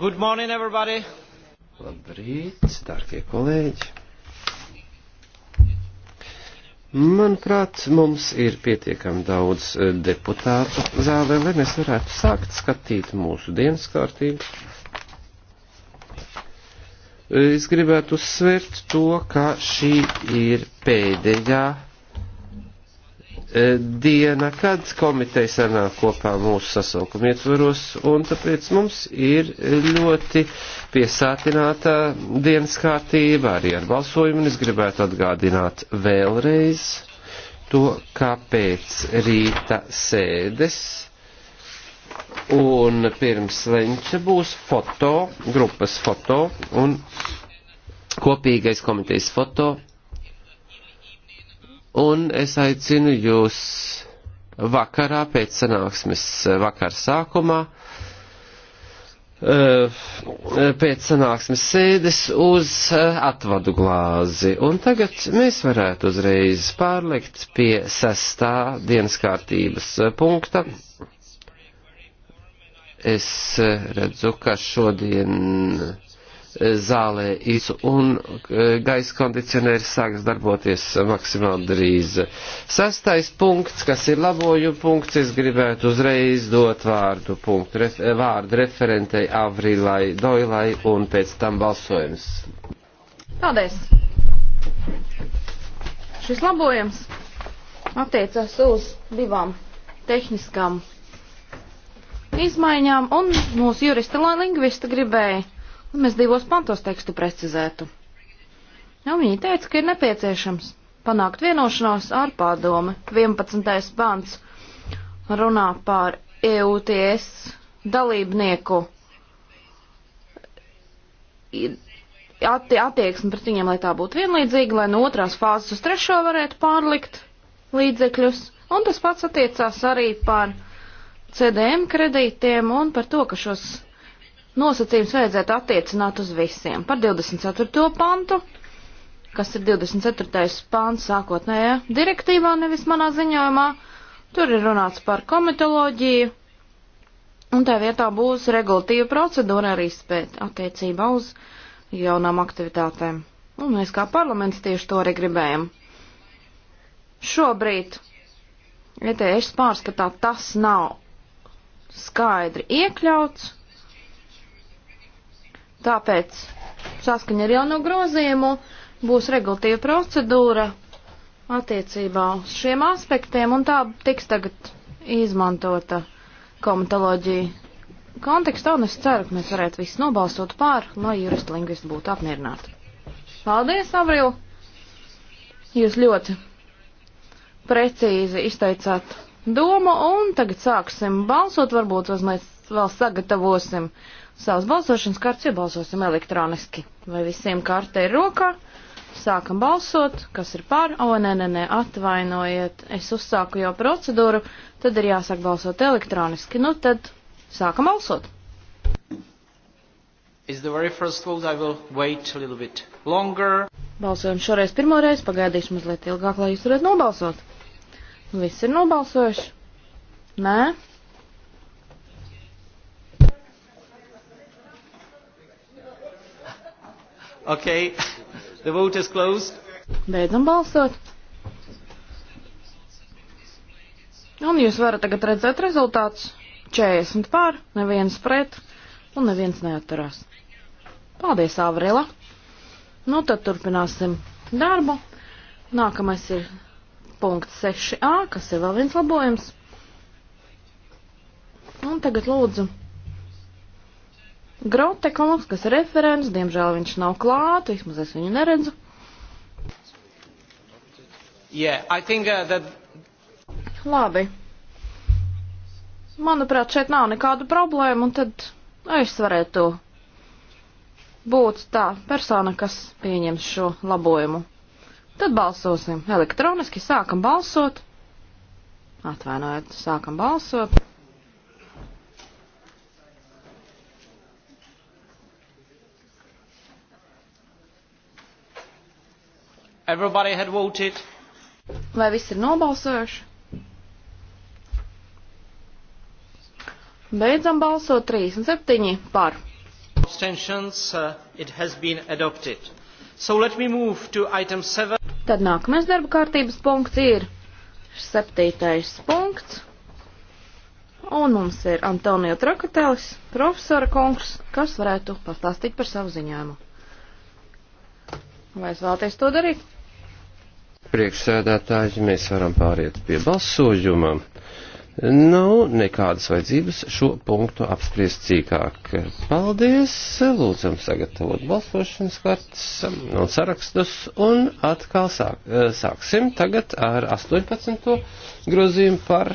Good morning, everybody! Labrīt, dārgie kolēģi! Manuprāt, mums ir pietiekami daudz eh, deputātu zālē, lai mēs varētu sākt skatīt mūsu dienas kārtību. Es gribētu uzsvērt to, ka šī ir pēdējā E, diena, kad komiteja sanāk kopā mūsu sasaukuma ietvaros, un tāpēc mums ir ļoti piesātināta dienas kārtība arī ar balsojumu, un es gribētu atgādināt vēlreiz to, kāpēc rīta sēdes un pirms lenča būs foto, grupas foto un kopīgais komitejas foto Un es aicinu jūs vakarā pēc sanāksmes vakar sākumā, eh, pēc sanāksmes sēdes uz eh, atvadu glāzi. Un tagad mēs varētu uzreiz pārlikt pie sestā dienas kārtības punkta. Es eh, redzu, ka šodien zālē is un e, gaisa kondicionieris sāks darboties maksimāli drīz. Sastais punkts, kas ir laboju punkts, es gribētu uzreiz dot vārdu, punktu, ref, vārdu referentei Avrilai Doilai un pēc tam balsojums. Paldies! Šis labojums attiecas uz divām tehniskām izmaiņām un mūsu jurista lingvista gribēja un mēs divos pantos tekstu precizētu. Un viņa teica, ka ir nepieciešams panākt vienošanos ar pārdomi. 11. pants runā par EUTS dalībnieku attieksmi pret viņiem, lai tā būtu vienlīdzīga, lai no otrās fāzes uz trešo varētu pārlikt līdzekļus. Un tas pats attiecās arī par CDM kredītiem un par to, ka šos nosacījums vajadzētu attiecināt uz visiem. Par 24. pantu, kas ir 24. pants sākotnējā direktīvā, nevis manā ziņojumā, tur ir runāts par komitoloģiju, un tā vietā būs regulatīva procedūra arī spēt attiecībā uz jaunām aktivitātēm. Un mēs kā parlaments tieši to arī gribējam. Šobrīd ETS pārskatā tas nav skaidri iekļauts, Tāpēc saskaņa ar jauno grozījumu būs regulatīva procedūra attiecībā uz šiem aspektiem, un tā tiks tagad izmantota komitoloģija kontekstā, un es ceru, ka mēs varētu visu nobalsot pār, lai juristi lingvisti būtu apmierināti. Paldies, Avril! Jūs ļoti precīzi izteicāt domu, un tagad sāksim balsot, varbūt mēs vēl sagatavosim savas balsošanas kārtas, jo balsosim elektroniski. Vai visiem kārta ir rokā? Sākam balsot, kas ir par, o, nē, nē, nē, atvainojiet, es uzsāku jau procedūru, tad ir jāsāk balsot elektroniski. Nu tad sākam balsot. Balsojam šoreiz pirmoreiz, pagaidīšu mazliet ilgāk, lai jūs varētu nobalsot. Viss ir nobalsojuši? Nē? Okay. The vote is closed. Beidzam balsot. Un jūs varat tagad redzēt rezultātus. 40 pār, neviens pret un neviens neatturās. Paldies, Avrila. Nu, tad turpināsim darbu. Nākamais ir punkts 6a, kas ir vēl viens labojums. Un tagad lūdzu Grote kungs, kas ir referents, diemžēl viņš nav klāt, vismaz es viņu neredzu. Yeah, I think, uh, that... Labi. Manuprāt, šeit nav nekādu problēmu, un tad es varētu būt tā persona, kas pieņems šo labojumu. Tad balsosim elektroniski, sākam balsot. Atvainojiet, sākam balsot. Everybody had voted. Vai viss ir nobalsojuši? Beidzam balsot 37 par. Abstentions, uh, it has been adopted. So let me move to item 7. Tad nākamais darba kārtības punkts ir septītais punkts. Un mums ir Antonija Trakatelis, profesora kungs, kas varētu pastāstīt par savu ziņojumu. Vai es vēlaties to darīt? Priekšsēdētāji, mēs varam pāriet pie balsojuma. Nav nekādas vajadzības šo punktu apspriest cīkāk. Paldies! Lūdzam sagatavot balsošanas kartas un sarakstus un atkal sāk, eh, sāksim tagad ar 18. grozījumu par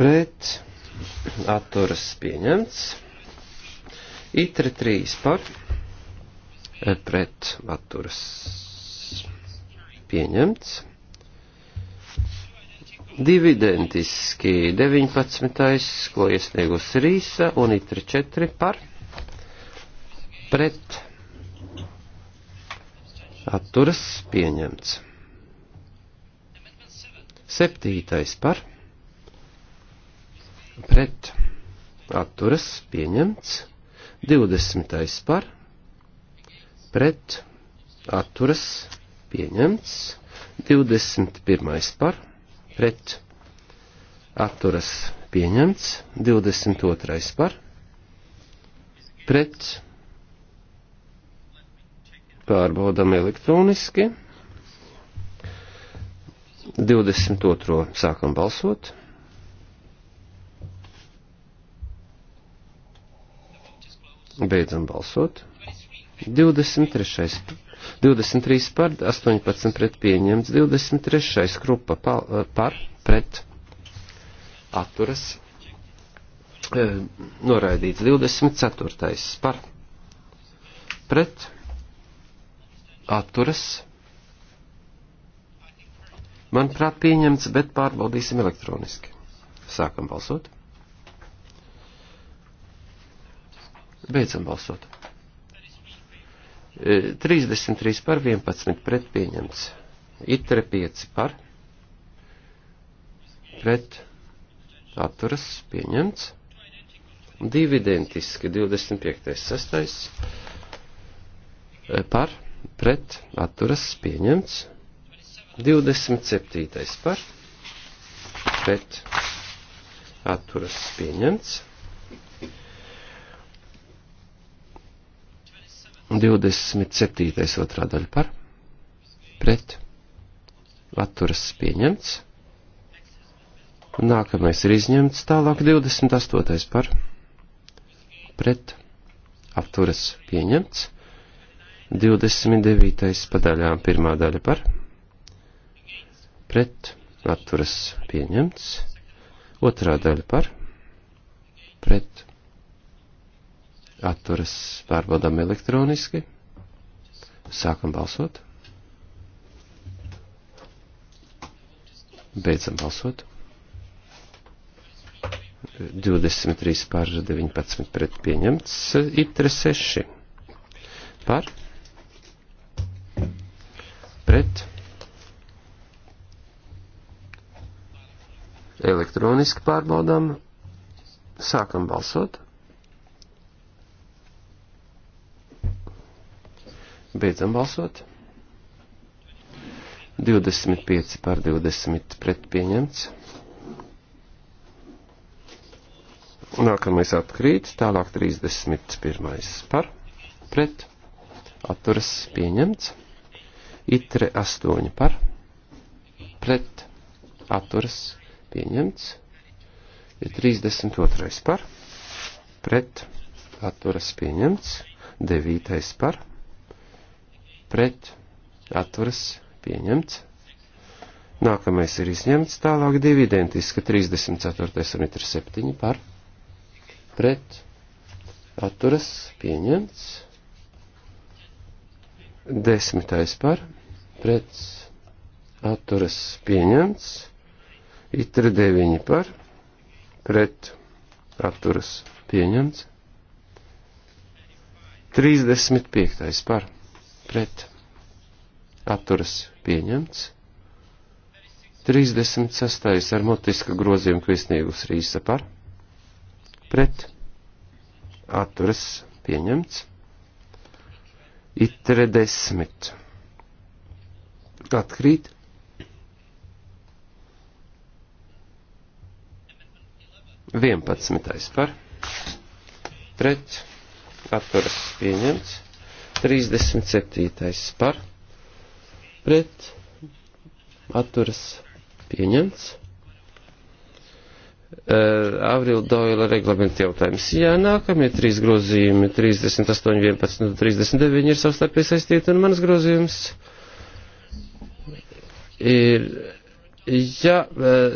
pret atturas pieņemts. Itre 3 par eh, pret atturas pieņemts. Divi identiski 19, ko iesniegus Rīsa un Itri 4 par pret atturas pieņemts. Septītais par pret atturas pieņemts. Divdesmitais par pret atturas pieņemts pieņemts. 21. par pret atturas pieņemts. 22. par pret pārbaudam elektroniski. 22. sākam balsot. Beidzam balsot. 23. 23 par, 18 pret pieņemts, 23 grupa eh, par, pret atturas eh, noraidīts, 24 par, pret atturas. Manuprāt, pieņemts, bet pārbaudīsim elektroniski. Sākam balsot. Beidzam balsot. 33 eh, par 11 pret pieņemts. Itre 5 par pret atturas pieņemts. Divi identiski 25. sastais eh, par pret atturas pieņemts. 27. par pret atturas pieņemts. 27. otrā daļa par, pret, atturas pieņemts. Nākamais ir izņemts, tālāk 28. par, pret, atturas pieņemts. 29. padaļām pirmā daļa par, pret, atturas pieņemts. Otrā daļa par, pret, atturas pārbaudām elektroniski. Sākam balsot. Beidzam balsot. 23 pār 19 pret pieņemts, itre 6 par, pret, elektroniski pārbaudām, sākam balsot. Beidzam balsot. 25 pār 20 pret pieņemts. Nākamais atkrīt, tālāk 31 par pret. Atturas pieņemts. Itre 8 par pret. Atturas pieņemts. Ir 32 par pret. Atturas pieņemts. 9 par pret pret atturas pieņemts. Nākamais ir izņemts, tālāk divi identiski 34. un 37 par pret atturas pieņemts. Desmitais par pret atturas pieņemts. Itri 9 par pret atturas pieņemts. 35. par pret atturas pieņemts. 36. ar mutiska grozījumu kvisnīgus rīsa par pret atturas pieņemts. Itre desmit. Atkrīt. Vienpadsmitais par pret atturas pieņemts. 37. par pret atturas pieņemts. Uh, Avril Doila reglamenta jautājums. Jā, nākamie trīs grozījumi, 38, 11 un 39 ir savstarpēji saistīti, un mans grozījums ir, ja eh,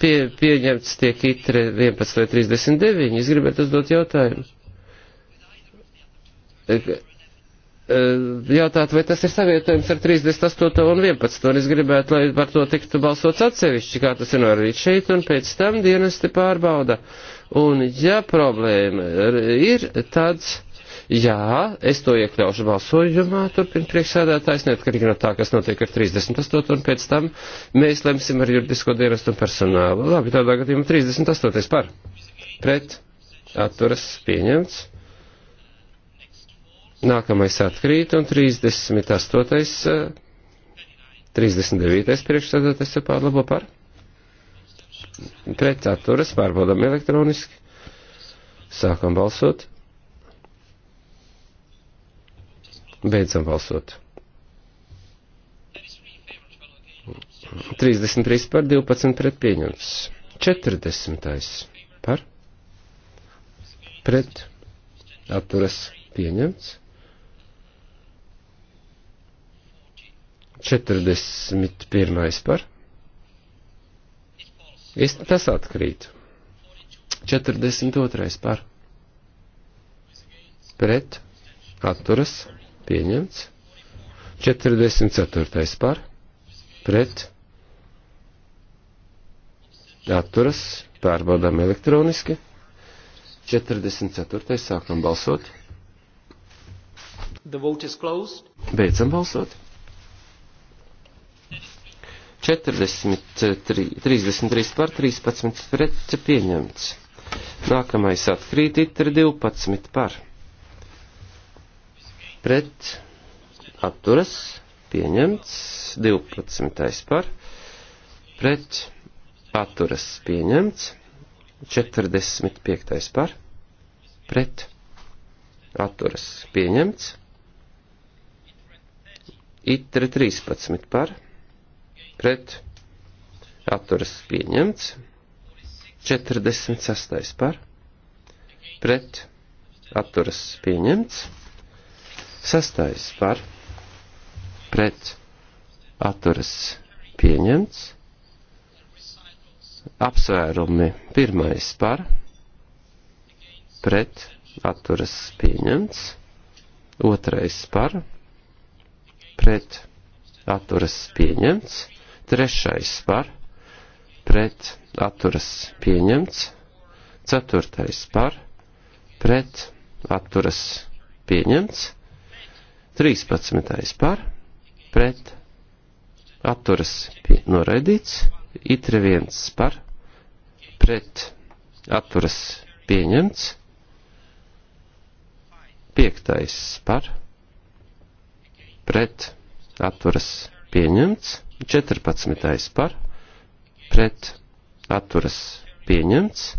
pie, pieņemts tiek itre 11 vai 39, es gribētu uzdot jautājumu. Eh, Eh, jautāt, vai tas ir savietojums ar 38. un 11. un es gribētu, lai par to tiktu balsots atsevišķi, kā tas ir norādīts šeit, un pēc tam dienesti pārbauda. Un ja problēma ir, tad. Jā, es to iekļaušu balsojumā, turpina priekšsēdētājs, neatkarīgi no tā, kas notiek ar 38. un pēc tam mēs lemsim ar juridisko dienestu un personālu. Labi, tādā gadījumā 38. par. Pret. Atturas pieņemts. Nākamais atkrīt un 38. 39. Eh, priekšsēdētājs ir pārlabo par. Pret atturas pārbaudām elektroniski. Sākam balsot. Beidzam balsot. 33 par 12 pret pieņemts. 40. par. Pret atturas pieņemts. 41. par. Es, tas atkrīt. 42. par. Pret. Atturas. Pieņemts. 44. par. Pret. Atturas. Pārbaudām elektroniski. 44. sākam balsot. The vote is closed. Beidzam balsot. 43, 33 par 13 pret pieņemts. Nākamais atkrīt itri 12 par. Pret atturas pieņemts 12 par. Pret atturas pieņemts 45 par. Pret atturas pieņemts. Itri 13 par pret atturas pieņemts, 46. par pret atturas pieņemts, 6. par pret atturas pieņemts, apsvērumi 1. par pret atturas pieņemts, 2. par pret atturas pieņemts, Trešais par pret atturas pieņemts. Ceturtais par pret atturas pieņemts. Trīspadsmitais par pret atturas pie, noraidīts. Itre viens par pret atturas pieņemts. Piektais par pret atturas pieņemts. 14. par, pret, atturas pieņemts,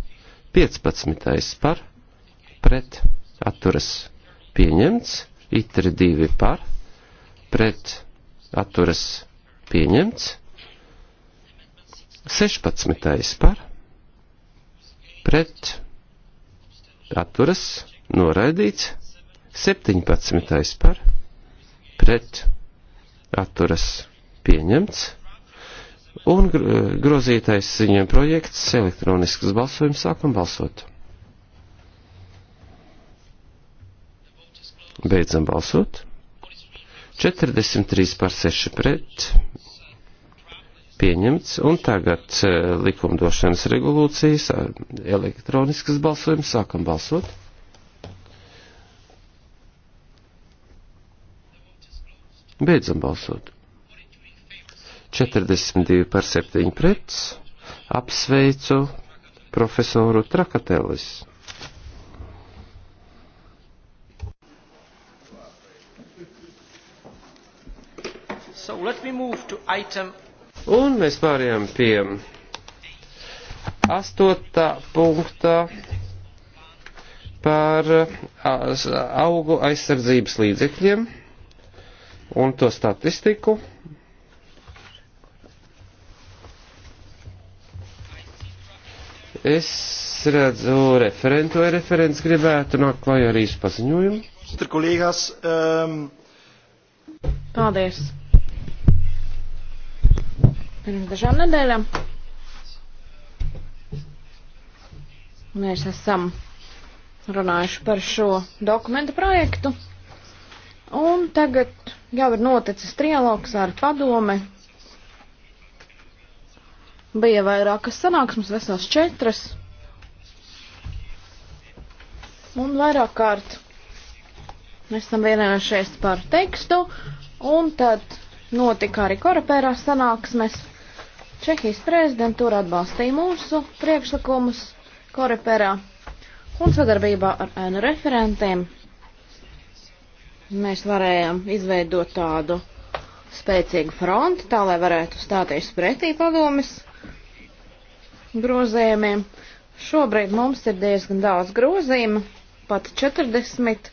15. par, pret, atturas pieņemts, itri 2 par, pret, atturas pieņemts, 16. par, pret, atturas noraidīts, 17. par, pret, atturas pieņemts pieņemts. Un e, grozītais ziņojuma projekts elektronisks balsojums sākam balsot. Beidzam balsot. 43 par 6 pret pieņemts, un tagad e, likumdošanas regulācijas elektroniskas balsojums sākam balsot. Beidzam balsot. 42 par 7 pret. Apsveicu profesoru Trakatelis. So item... Un mēs pārējām pie astotā punktā par augu aizsardzības līdzekļiem un to statistiku. Es redzu referentu, vai referents gribētu nākt klajā ar īsu paziņojumu. Ehm, Paldies. Pirms dažām nedēļām mēs esam runājuši par šo dokumentu projektu. Un tagad jau ir noticis trialogs ar padome Bija vairākas sanāksmes, vesels četras. Un vairāk kārt mēs tam vienojušies par tekstu, un tad notika arī korapērā sanāksmes. Čehijas prezidentūra atbalstīja mūsu priekšlikumus korapērā un sadarbībā ar ēnu referentiem. Mēs varējām izveidot tādu spēcīgu fronti, tā lai varētu stāties pretī padomis grozējumiem. Šobrīd mums ir diezgan daudz grozījumu, pat 40,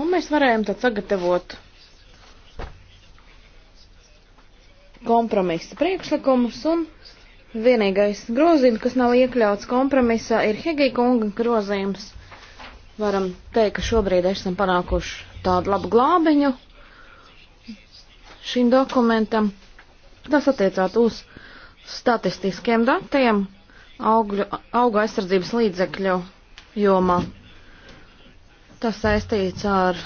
un mēs varējām tad sagatavot kompromisa priekšlikumus, un vienīgais grozījums, kas nav iekļauts kompromisā, ir Hegija kunga grozījums. Varam teikt, ka šobrīd esam panākuši tādu labu glābiņu šim dokumentam. Tas attiecās uz statistiskiem datiem augļu, auga aizsardzības līdzekļu jomā. Tas saistīts ar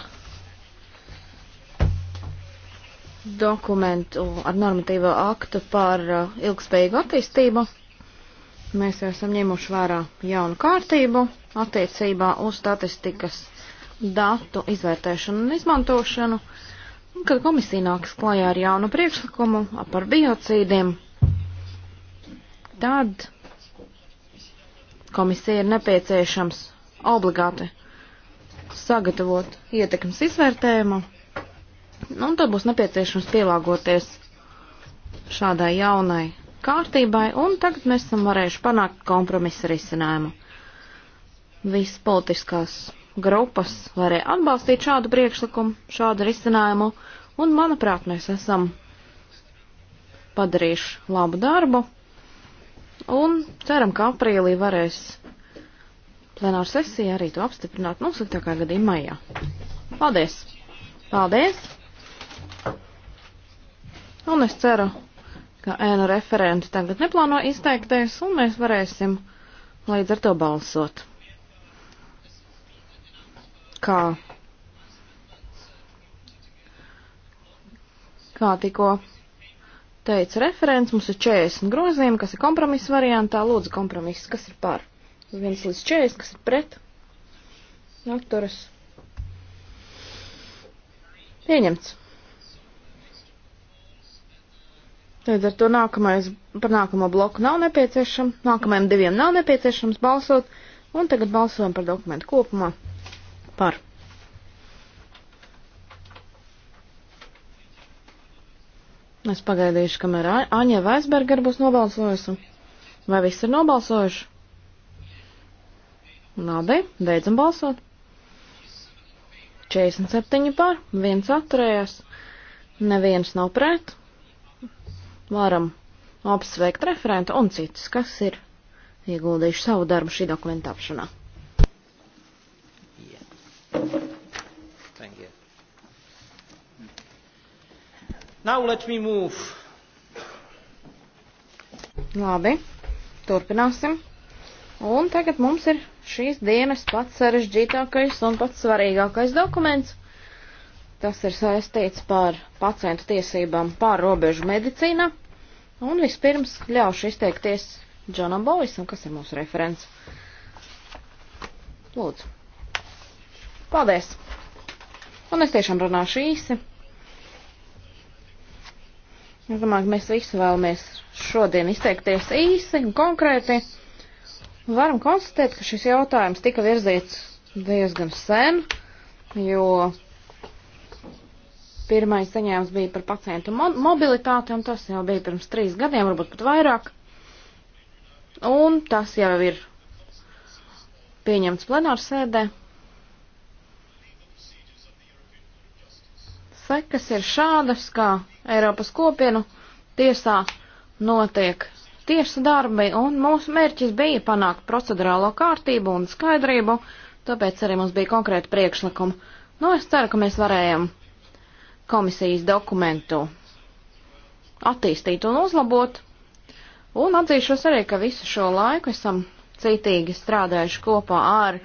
dokumentu, ar normatīvo aktu par uh, ilgspējīgu attīstību. Mēs jau esam ņēmuši vērā jaunu kārtību attiecībā uz statistikas datu izvērtēšanu un izmantošanu, kad komisija nāks klajā ar jaunu priekšlikumu par biocīdiem tad komisija ir nepieciešams obligāti sagatavot ietekmes izvērtējumu, un tad būs nepieciešams pielāgoties šādai jaunai kārtībai, un tagad mēs esam varējuši panākt kompromisa risinājumu. Visas politiskās grupas varēja atbalstīt šādu priekšlikumu, šādu risinājumu, un, manuprāt, mēs esam padarījuši labu darbu un ceram, ka aprīlī varēs plenāru sesiju arī to apstiprināt, nu, sliktākā gadījumā maijā. Paldies! Paldies! Un es ceru, ka ēnu referenti tagad neplāno izteikties, un mēs varēsim līdz ar to balsot. Kā? Kā tikko teica referents, mums ir 40 grozījumi, kas ir kompromisa variantā, lūdzu kompromiss, kas ir par. 1 līdz 40, kas ir pret. Atturas. Pieņemts. Līdz ar to nākamais, par nākamo bloku nav nepieciešams, nākamajam diviem nav nepieciešams balsot, un tagad balsojam par dokumentu kopumā. Par. Es pagaidīšu, kamēr Aņa Vaisberger būs nobalsojusi. Vai viss ir nobalsojuši? Labi, beidzam balsot. 47 pār, viens atturējās, neviens nav pret. Varam apsveikt referentu un citus, kas ir ieguldījuši savu darbu šī dokumenta apšanā. Yeah. Now let me move. Labi, turpināsim. Un tagad mums ir šīs dienas pats sarežģītākais un pats svarīgākais dokuments. Tas ir saistīts par pacientu tiesībām pār robežu medicīnā. Un vispirms ļaušu izteikties Džonam Bovisam, kas ir mūsu referents. Lūdzu. Paldies! Un es tiešām runāšu īsi. Es domāju, ka mēs visi vēlamies šodien izteikties īsi un konkrēti. Varam konstatēt, ka šis jautājums tika virzīts diezgan sen, jo pirmais saņēmums bija par pacientu mo mobilitāti, un tas jau bija pirms trīs gadiem, varbūt pat vairāk. Un tas jau ir pieņemts plenārsēdē. Sekas ir šādas, kā Eiropas kopienu tiesā notiek tiesa darbi, un mūsu mērķis bija panākt procedurālo kārtību un skaidrību, tāpēc arī mums bija konkrēti priekšlikumi. Nu, es ceru, ka mēs varējam komisijas dokumentu attīstīt un uzlabot, un atzīšos arī, ka visu šo laiku esam cītīgi strādājuši kopā ar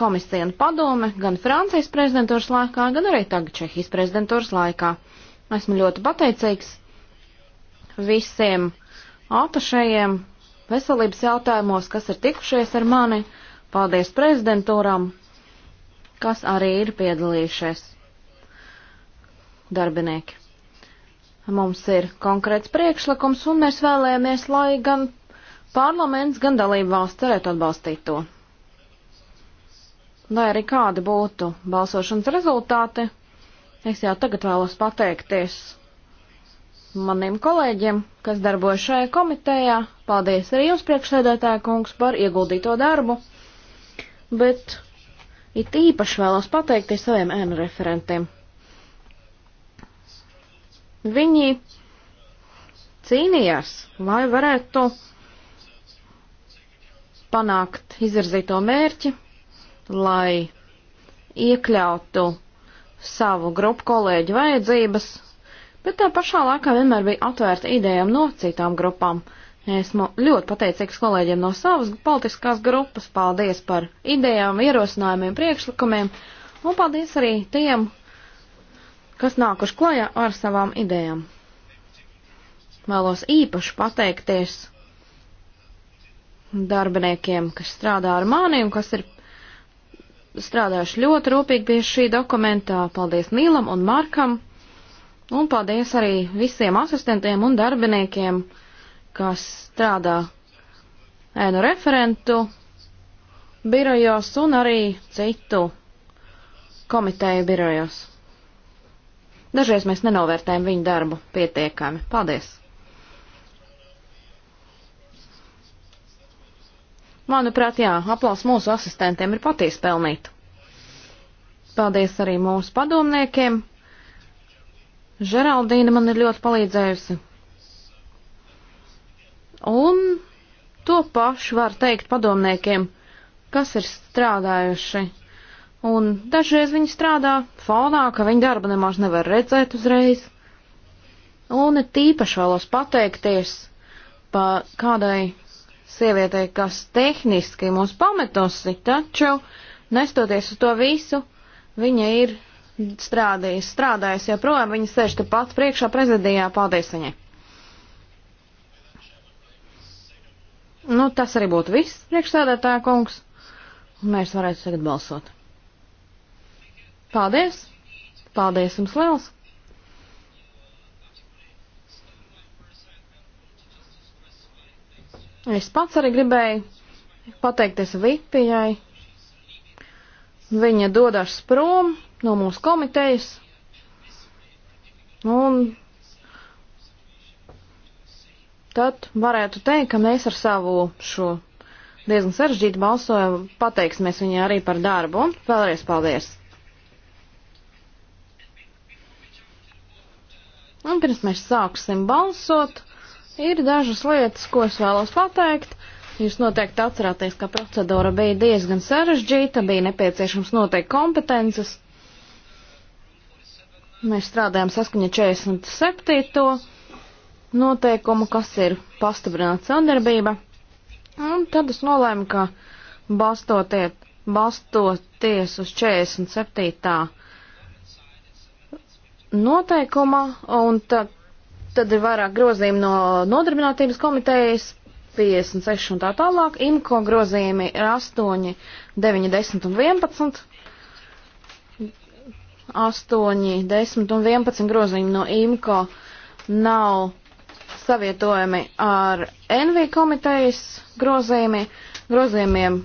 komisiju un padome gan Francijas prezidentūras laikā, gan arī tagad Čehijas prezidentūras laikā. Esmu ļoti pateicīgs visiem atašajiem veselības jautājumos, kas ir tikušies ar mani. Paldies prezidentūram, kas arī ir piedalījušies darbinieki. Mums ir konkrēts priekšlikums, un mēs vēlējāmies, lai gan parlaments, gan dalība valsts varētu atbalstīt to. Lai arī kādi būtu balsošanas rezultāti, Es jau tagad vēlos pateikties maniem kolēģiem, kas darbojas šajā komitejā. Paldies arī jums, priekšsēdētāja kungs, par ieguldīto darbu. Bet it īpaši vēlos pateikties saviem ēnu referentiem. Viņi cīnījās, lai varētu panākt izvirzīto mērķi, lai iekļautu savu grupu kolēģu vajadzības, bet tā pašā laikā vienmēr bija atvērta idejām no citām grupām. Esmu ļoti pateicīgs kolēģiem no savas politiskās grupas, paldies par idejām, ierosinājumiem, priekšlikumiem, un paldies arī tiem, kas nākuši klajā ar savām idejām. Vēlos īpaši pateikties darbiniekiem, kas strādā ar mani un kas ir strādājuši ļoti rūpīgi pie šī dokumentā. Paldies Nīlam un Markam. Un paldies arī visiem asistentiem un darbiniekiem, kas strādā ēnu referentu birojos un arī citu komiteju birojos. Dažreiz mēs nenovērtējam viņu darbu pietiekami. Paldies! Manuprāt, jā, aplaus mūsu asistentiem ir patiesi pelnīt. Paldies arī mūsu padomniekiem. Žeraldīna man ir ļoti palīdzējusi. Un to pašu var teikt padomniekiem, kas ir strādājuši. Un dažreiz viņi strādā fonā, ka viņa darba nemaz nevar redzēt uzreiz. Un tīpaši vēlos pateikties pa kādai sievietei, kas tehniski mūs pametusi, taču, nestoties uz to visu, viņa ir strādājusi, strādājusi joprojām, viņa sēž te pat priekšā prezidijā, paldies viņai. Nu, tas arī būtu viss, priekšsēdētāja kungs. Mēs varētu tagad balsot. Paldies! Paldies jums liels! Es pats arī gribēju pateikties Vipijai. Viņa dodas prom no mūsu komitejas. Un tad varētu teikt, ka mēs ar savu šo diezgan sarežģītu balsojumu pateiksimies viņai arī par darbu. Un vēlreiz paldies! Un pirms mēs sāksim balsot, Ir dažas lietas, ko es vēlos pateikt. Jūs noteikti atcerāties, ka procedūra bija diezgan sarežģīta, bija nepieciešams noteikti kompetences. Mēs strādājam saskaņa 47. noteikumu, kas ir pastiprināta sadarbība. Un tad es nolēmu, ka balstoties, balstoties uz 47 noteikuma, un tad Tad ir vairāk grozījumi no nodarbinātības komitejas, 56 un tā tālāk. IMCO grozījumi ir 8, 9, 10 un 11. 8, 10 un 11 grozījumi no IMCO nav savietojami ar NV komitejas grozījumi, grozījumiem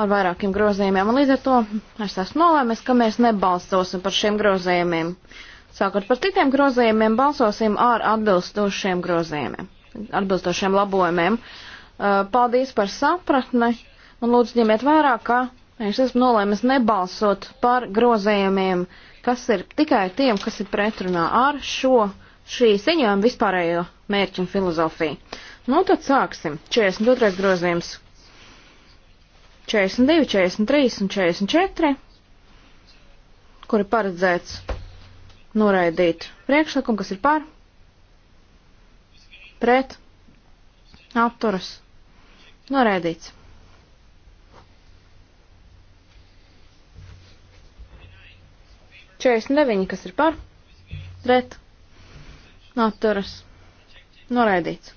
ar vairākiem grozījumiem. Un līdz ar to es esmu nolēmis, ka mēs nebalstosim par šiem grozījumiem. Uh, Sākot par citiem grozījumiem, balsosim ar atbilstošiem grozījumiem, atbilstošiem labojumiem. Uh, paldies par sapratni un lūdzu ņemiet vērā, ka es esmu nolēmis nebalsot par grozījumiem, kas ir tikai tiem, kas ir pretrunā ar šo šī ziņojuma vispārējo mērķu un filozofiju. Nu, tad sāksim. 42. grozījums. 42, 43 un 44, kuri paredzēts noraidīt priekšlikumu, kas ir par, pret, apturas, noraidīts. Četrdesmit deviņi, kas ir par, pret, apturas, noraidīts.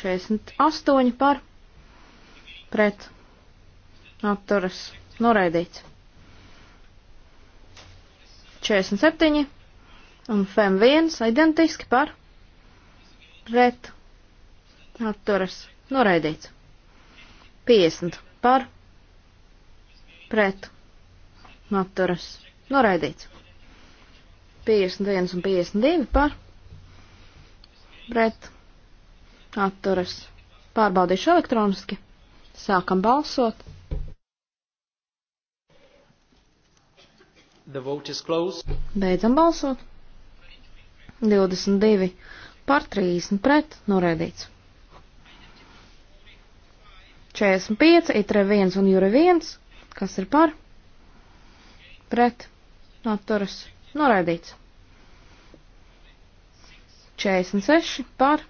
48 par pret apturas noraidīts. 47 un FM1 identiski par pret atturas noraidīts. 50 par pret atturas noraidīts. 51 un 52 par pret atturas. Pārbaudīšu elektroniski. Sākam balsot. Beidzam balsot. 22 par 30 pret norēdīts. 45, itre 1 un jūra 1, kas ir par, pret, atturas, norēdīts. 46 par,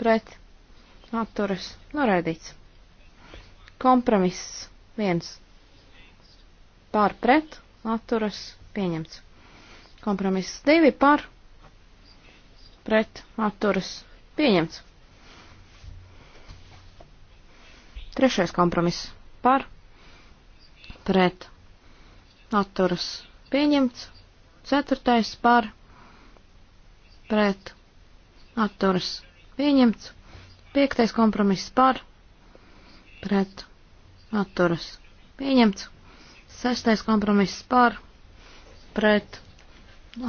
pret, atturas, norēdīts. Kompromiss 1 par, pret, atturas, pieņemts. Kompromiss 2 par, pret pret atturas pieņemts. Trešais kompromiss par pret atturas pieņemts. Ceturtais par pret atturas pieņemts. Piektais kompromiss par pret atturas pieņemts. Sestais kompromiss par pret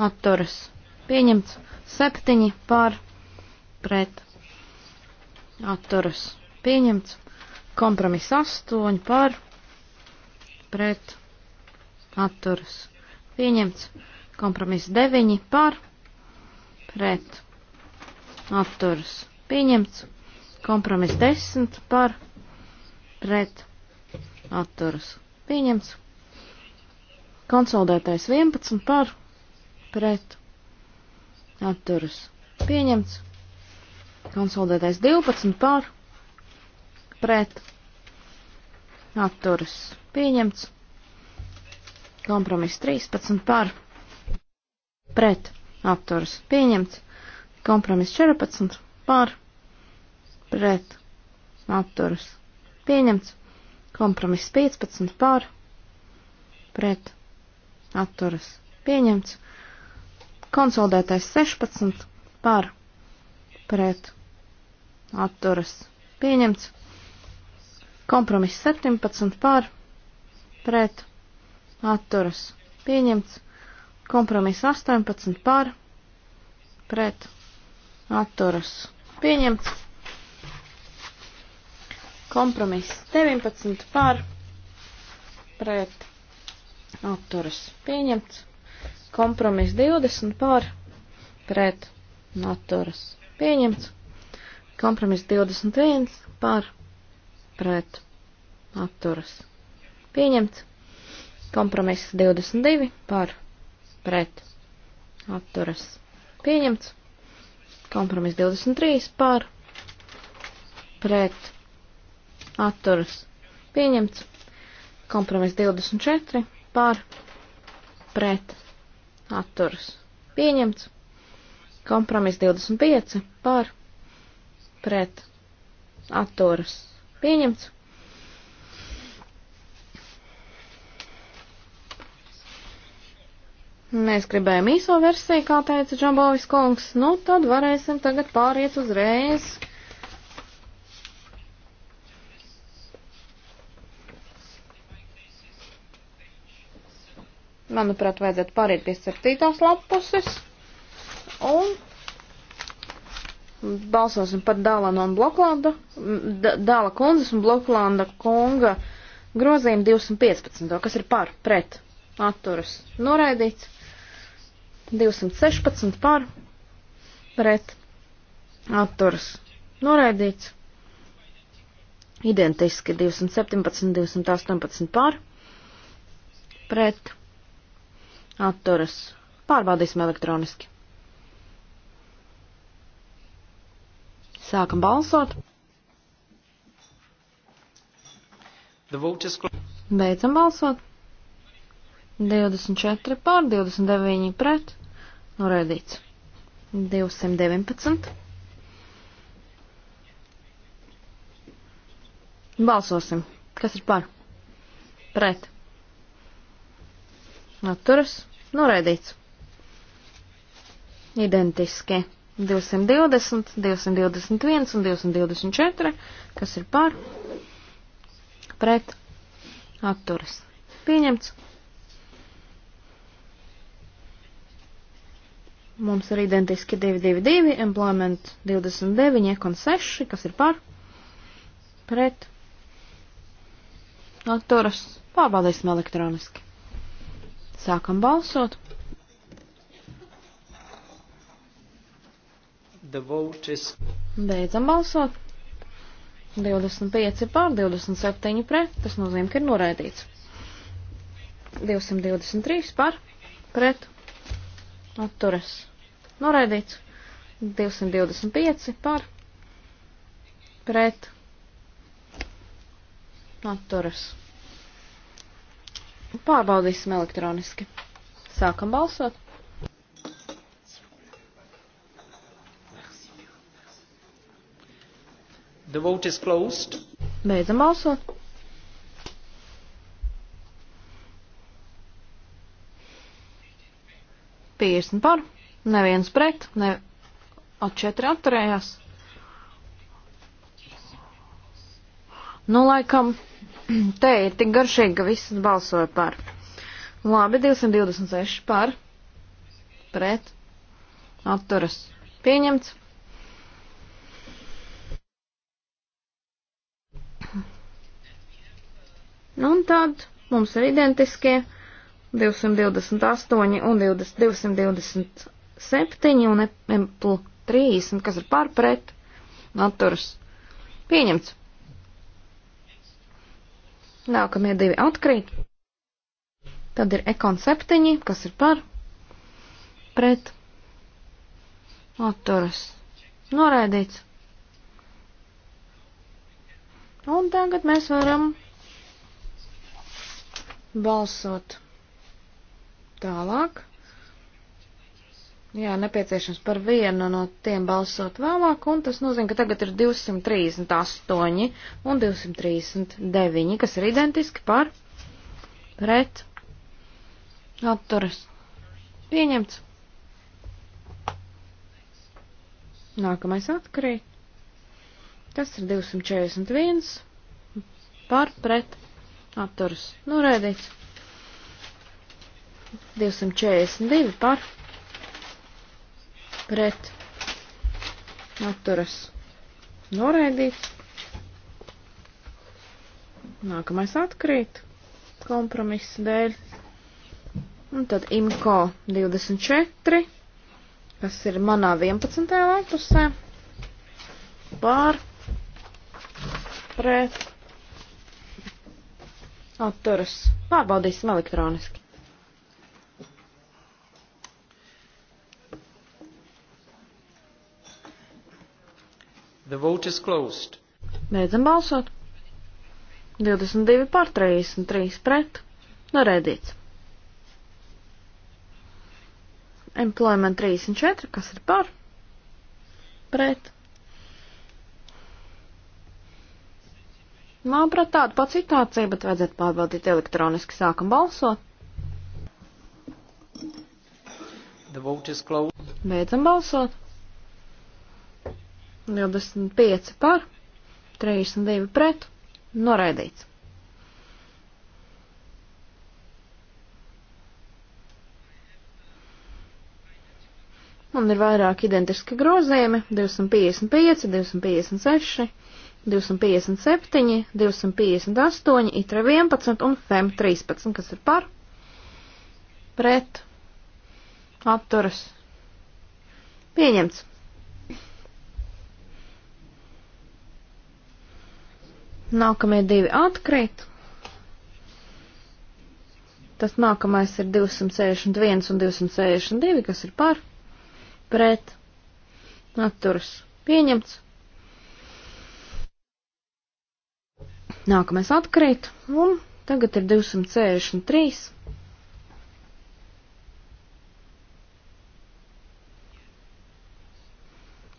atturas pieņemts. 7 par pret atturas pieņemts. Kompromiss 8 par pret atturas pieņemts. Kompromiss 9 par pret atturas pieņemts. Kompromiss 10 par pret atturas pieņemts. Konsolidētais 11 par pret atturas pieņemts. Konsolidētais 12 pār pret atturas pieņemts. Kompromiss 13 pār pret atturas pieņemts. Kompromiss 14 pār pret atturas pieņemts. Kompromiss 15 pār pret atturas pieņemts. Konsolidētais 16 par pret atturas pieņemts. Kompromiss 17 par pret atturas pieņemts. Kompromiss 18 par pret atturas pieņemts. Kompromiss 19 par pret atturas pieņemts. Kompromiss 20 pār pret naturas pieņemts. Kompromiss 21 pār pret naturas pieņemts. Kompromiss 22 pār pret naturas pieņemts. Kompromiss 23 pār pret atturas pieņemts. Kompromiss 24 pār pret atturas pieņemts. Kompromiss 25 par pret atturas pieņemts. Mēs gribējām īso versiju, kā teica Džambovis kungs, nu tad varēsim tagad pāriet uzreiz Manuprāt, vajadzētu pāriet pie septītās lapuses. Un balsosim par Dālanu un Bloklanda, Dāla kundzes un Bloklanda kunga grozījumu 215, kas ir par, pret, atturas, noraidīts, 216 par, pret, atturas, noraidīts, identiski 217, 218 par, pret, atturas. Pārbaudīsim elektroniski. Sākam balsot. Beidzam balsot. 24 pār 29 pret. Noraidīts. 219. Balsosim. Kas ir par? Pret. Atturas. Noraidīts. Identiski. 220, 221 un 224, kas ir par, pret, atturas. Pieņemts. Mums ir identiski 222, employment 29, ekon 6, kas ir par, pret, atturas. Pārbaudīsim elektroniski. Sākam balsot. Is... Beidzam balsot. 25 pār 27 pret, tas nozīmē, ka ir noraidīts. 223 pār pret atturas. Noraidīts. 225 pār pret atturas. Pārbaudīsim elektroniski. Sākam balsot. The vote is closed. Beidzam balsot. Piecdesmit par, neviens pret, ne... at četri atturējās. Nu, laikam, te ir tik garšīgi, ka viss balsoja par. Labi, 226 par. Pret. Atturas. Pieņemts. Nu, un tad mums ir identiskie 228 un 20, 227 un Apple 30, kas ir pārpret. Atturas. Pieņemts. Nākamie divi atkrīt. Tad ir ekon septiņi, kas ir par, pret, atturas, noraidīts. Un tagad mēs varam balsot tālāk. Jā, nepieciešams par vienu no tiem balsot vēlāk, un tas nozīmē, ka tagad ir 238 un 239, kas ir identiski par pret atturas. Pieņemts. Nākamais atkarīt. Tas ir 241 par pret atturas. Norēdīts. 242 par pret pret atturas noraidīts. Nākamais atkrīt kompromisa dēļ. Un tad IMCO 24, kas ir manā 11. lapusē, pār, pret, atturas. Pārbaudīsim elektroniski. The vote is closed. Beidzam balsot. 22 pār 33 pret. Norēdīts. Employment 34, kas ir par? Pret. Manuprāt, tāda pati situācija, bet vajadzētu pārbaudīt elektroniski. Sākam balsot. Beidzam balsot. 25 par, 32 pret, noraidīts. Man ir vairāk identiski grozījumi - 255, 256, 257, 258, ITRE 11 un FEM 13, kas ir par, pret, apturas, pieņemts. Nākamie divi atkrīt. Tas nākamais ir 261 un 262, kas ir par, pret, atturas pieņemts. Nākamais atkrīt, un tagad ir 263.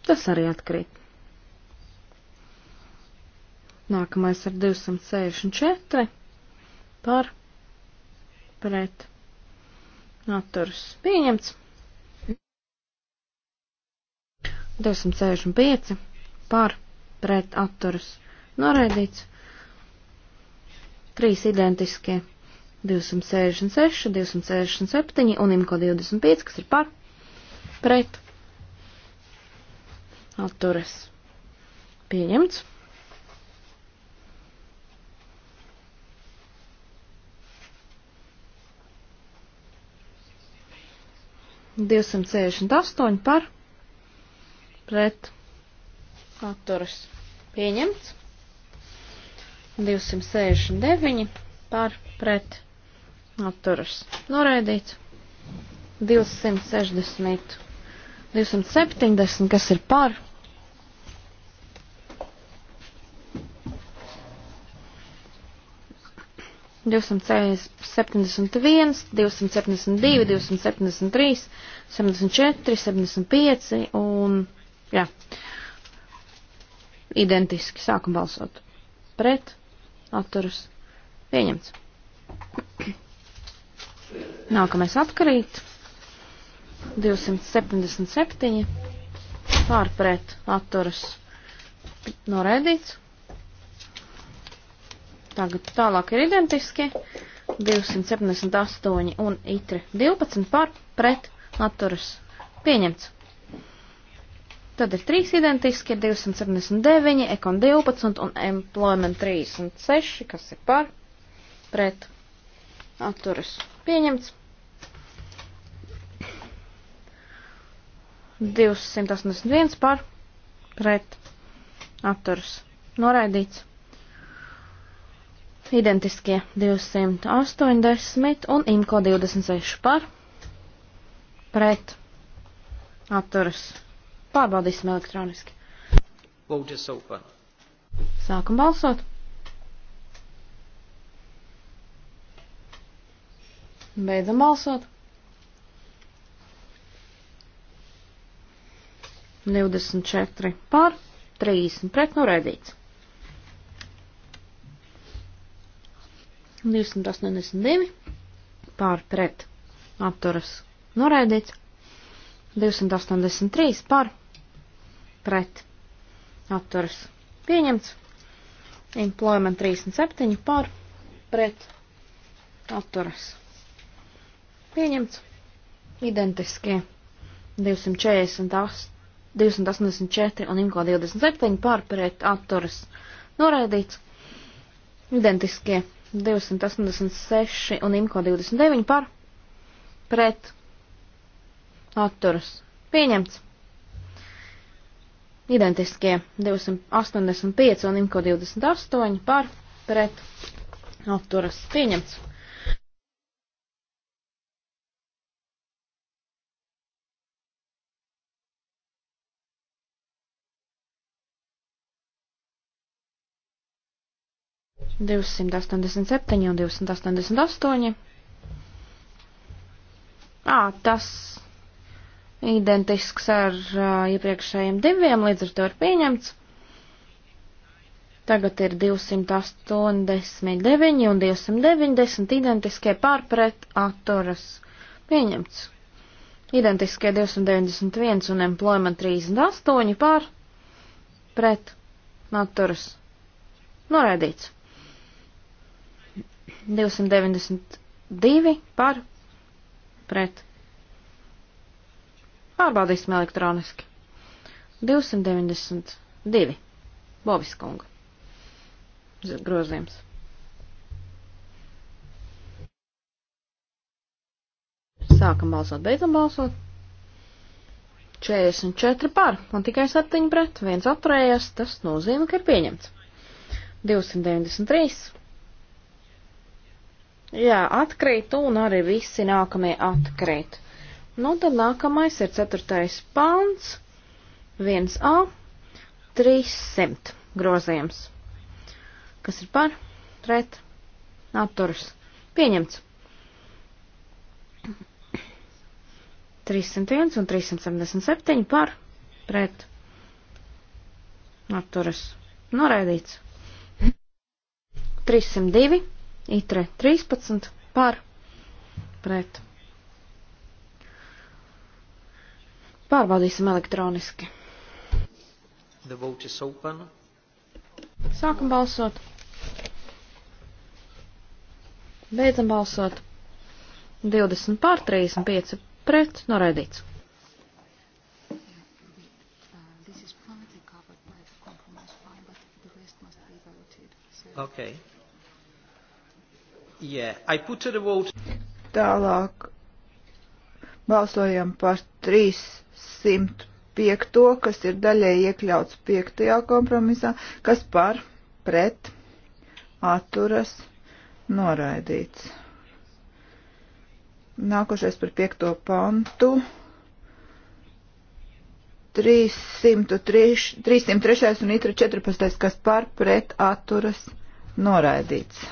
Tas arī atkrīt. Nākamais ir 264 par pret atturas pieņemts. 265 par pret atturas noraidīts. 3 identiskie 266, 267 un imko 25, kas ir par pret atturas pieņemts. 268 par pret atturas pieņemts. 269 par pret atturas noraidīts. 260, 270, kas ir par 271, 272, 273, 74, 75 un, jā, identiski sākam balsot. Pret, atturas, pieņemts. Nākamais atkarīt. 277, pārpret, atturas, noraidīts. Tagad tālāk ir identiski. 278 un itri 12 par pret atturas pieņemts. Tad ir trīs identiski, 279, ekon 12 un employment 36, kas ir par pret atturas pieņemts. 281 par pret atturas noraidīts identiskie 280 un IMCO 26 par, pret, atturas. Pārbaudīsim elektroniski. Sākam balsot. Beidzam balsot. 24 par, 30 pret noraidīts. 282 pār pret apturas noraidīts. 283 pār pret apturas pieņemts. Employment 37 pār pret apturas pieņemts. Identiskie 248, 284 un imko 27 pār pret apturas noraidīts. Identiskie 285. 286 un imko 29 par pret atturas pieņemts. Identiskie 285 un imko 28 par pret atturas pieņemts. 287 un 288. Ā, tas identisks ar uh, iepriekšējiem diviem, līdz ar to ir pieņemts. Tagad ir 289 un 290 identiskie pārpret atturas pieņemts. Identiskie 291 un employment 38 pār pret atturas noraidīts. 292 par pret. Pārbaudīsim elektroniski. 292. Bovis kunga. Grozījums. Sākam balsot, beidzam balsot. 44 par un tikai 7 pret, viens atturējās, tas nozīmē, ka ir pieņemts. 293 Jā, atkrīt un arī visi nākamie atkrīt. Nu, tad nākamais ir ceturtais pāns, 1A, 300 grozījums. Kas ir par, pret, atturas, pieņemts. 301 un 377 par, pret, atturas, noraidīts. 302 Itre 13 par pret. Pārbaudīsim elektroniski. The vote is open. Sākam balsot. Beidzam balsot. 20 pār 35 pret noraidīts. Okay. Yeah, Tālāk balsojam par 305, kas ir daļai iekļauts 5. kompromisā, kas par pret atturas noraidīts. Nākošais par 5. pantu. 303, 303 un itra 14, kas par pret atturas noraidīts.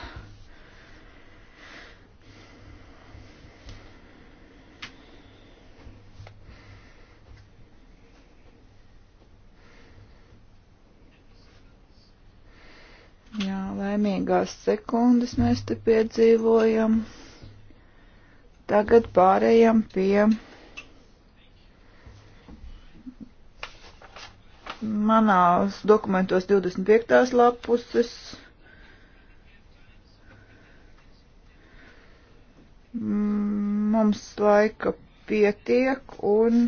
laimīgās sekundes mēs te piedzīvojam. Tagad pārējām pie manās dokumentos 25. lapuses. Mums laika pietiek un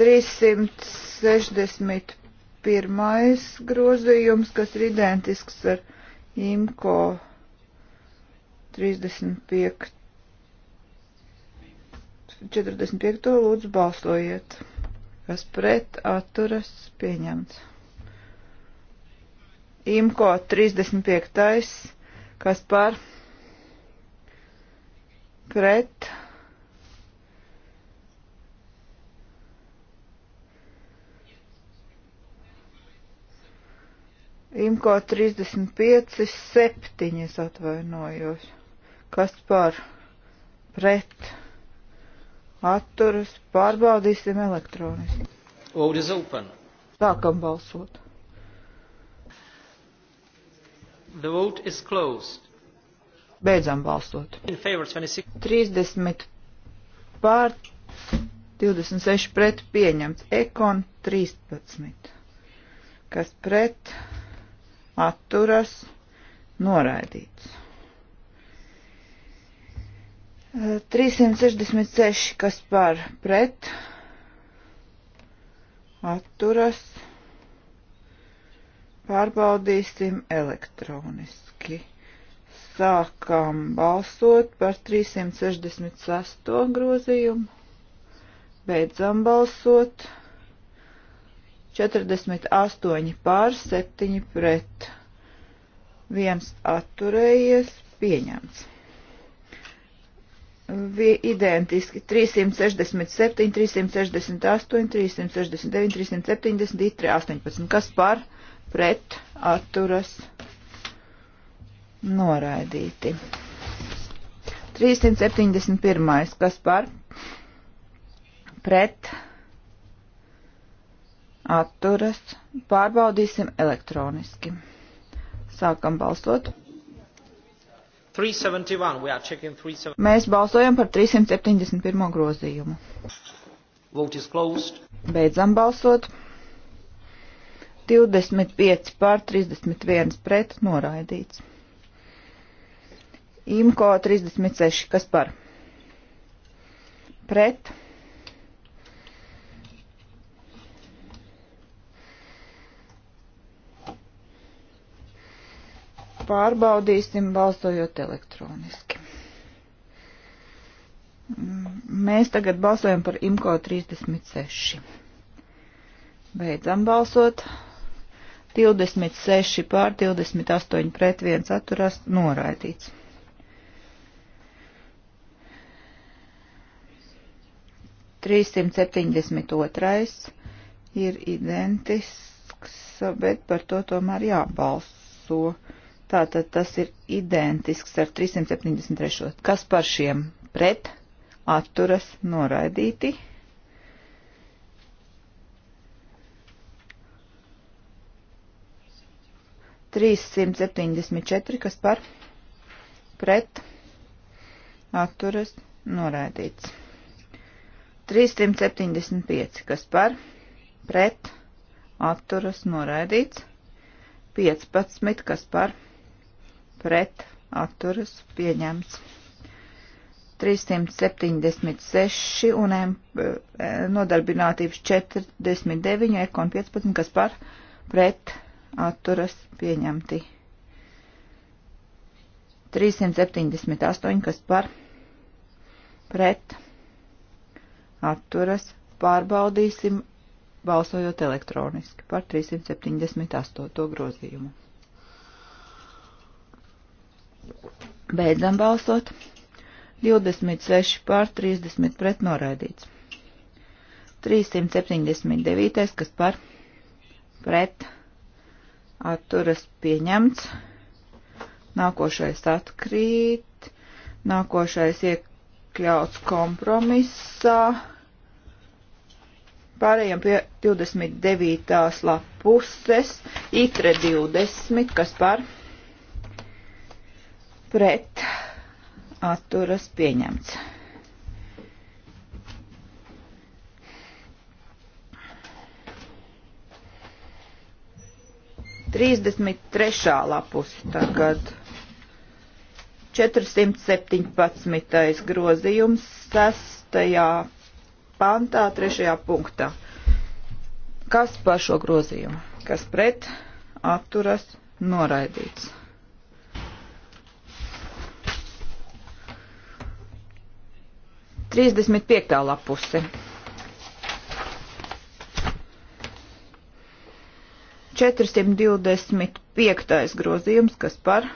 365 pirmais grozījums, kas ir identisks ar IMCO 35. 45. lūdzu balsojiet, kas pret atturas pieņemts. IMCO 35. kas par pret atturas pieņemts Imko 35, 7, es atvainojos. Kas par pret atturas pārbaudīsim elektroniski. Vote is open. Sākam balsot. The vote is closed. Beidzam balsot. In favor 26. 30 pār 26 pret pieņemts. Ekon 13. Kas pret? atturas noraidīts. 366, eh, kas par pret, atturas, pārbaudīsim elektroniski. Sākam balsot par 366 grozījumu, beidzam balsot. 48 pār 7 pret. Viens atturējies, pieņemts. Vi identiski 367, 368, 369, 370, 318. Kas par pret atturas noraidīti? 371. Kas par pret atturas? atturas, pārbaudīsim elektroniski. Sākam balsot. 371. We are checking 371. Mēs balsojam par 371. grozījumu. Vote is closed. Beidzam balsot. 25 pār 31 pret noraidīts. IMCO 36. Kas par? Pret pārbaudīsim balsojot elektroniski. Mēs tagad balsojam par IMCO 36. Beidzam balsot. 26 pār 28 pret 1 atturās noraidīts. Trīsimt septiņdesmit otrais ir identisks, bet par to tomēr jābalso. Uh, Tātad tas ir identisks ar 373. Kas par šiem pret atturas noraidīti? Trīssimt septiņdesmit četri, kas par pret atturas noraidīts. Trīssimt septiņdesmit pieci, kas par pret atturas noraidīts. Piecpadsmit, kas par pret pret atturas pieņemts. 376 un e, e, nodarbinātības 49, ekon 15, kas par pret atturas pieņemti. 378, kas par pret atturas pārbaudīsim balsojot elektroniski par 378. grozījumu. Beidzam balsot. 26 pār 30 pret noraidīts. 379, kas par pret atturas pieņemts. Nākošais atkrīt. Nākošais iekļauts kompromisā. Pārējiem pie 29. lapuses. Itre 20, kas par pret pret atturas pieņemts. Trīsdesmit trešā lapus tagad. 417. grozījums 6. pantā 3. punktā. Kas par šo grozījumu? Kas pret? Atturas noraidīts. 35. lapuse. 425. grozījums, kas par,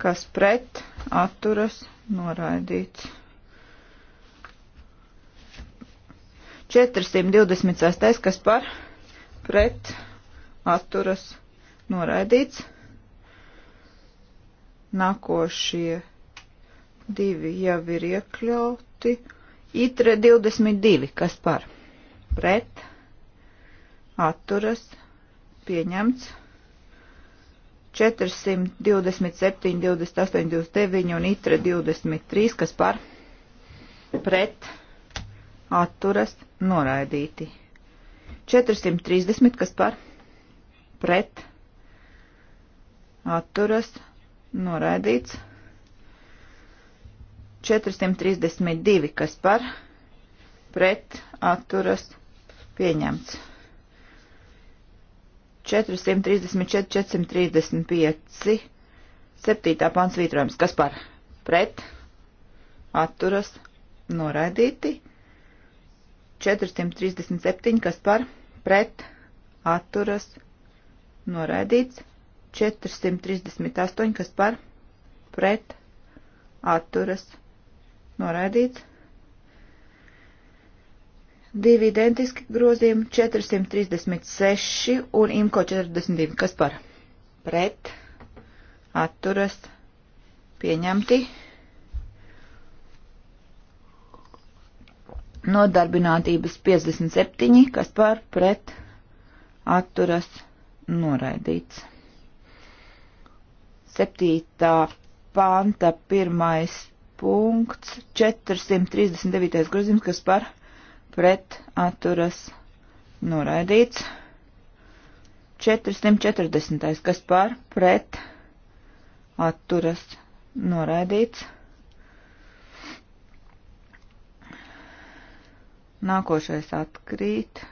kas pret, atturas, noraidīts. 426. kas par, pret, atturas, noraidīts. Nākošie divi jau ir iekļauti. Itre 22, kas par pret, atturas, pieņemts. 427, 28, 29 un itre 23, kas par pret, atturas, noraidīti. 430, kas par pret, atturas, noraidīts. 432, kas par pret atturas pieņemts. 434, 435, 7. pāns vītrojums, kas par pret atturas noraidīti. 437, kas par pret atturas noraidīts. 438, kas par pret atturas noraidīts noraidīt. Divi identiski grozījumi 436 un IMCO 42. Kas par? Pret, atturas, pieņemti, nodarbinātības 57. Kas par? Pret, atturas, noraidīts. Septītā panta pirmais punkts 439. grozījums, kas par pret atturas noraidīts. 440. kas par pret atturas noraidīts. Nākošais atkrīt.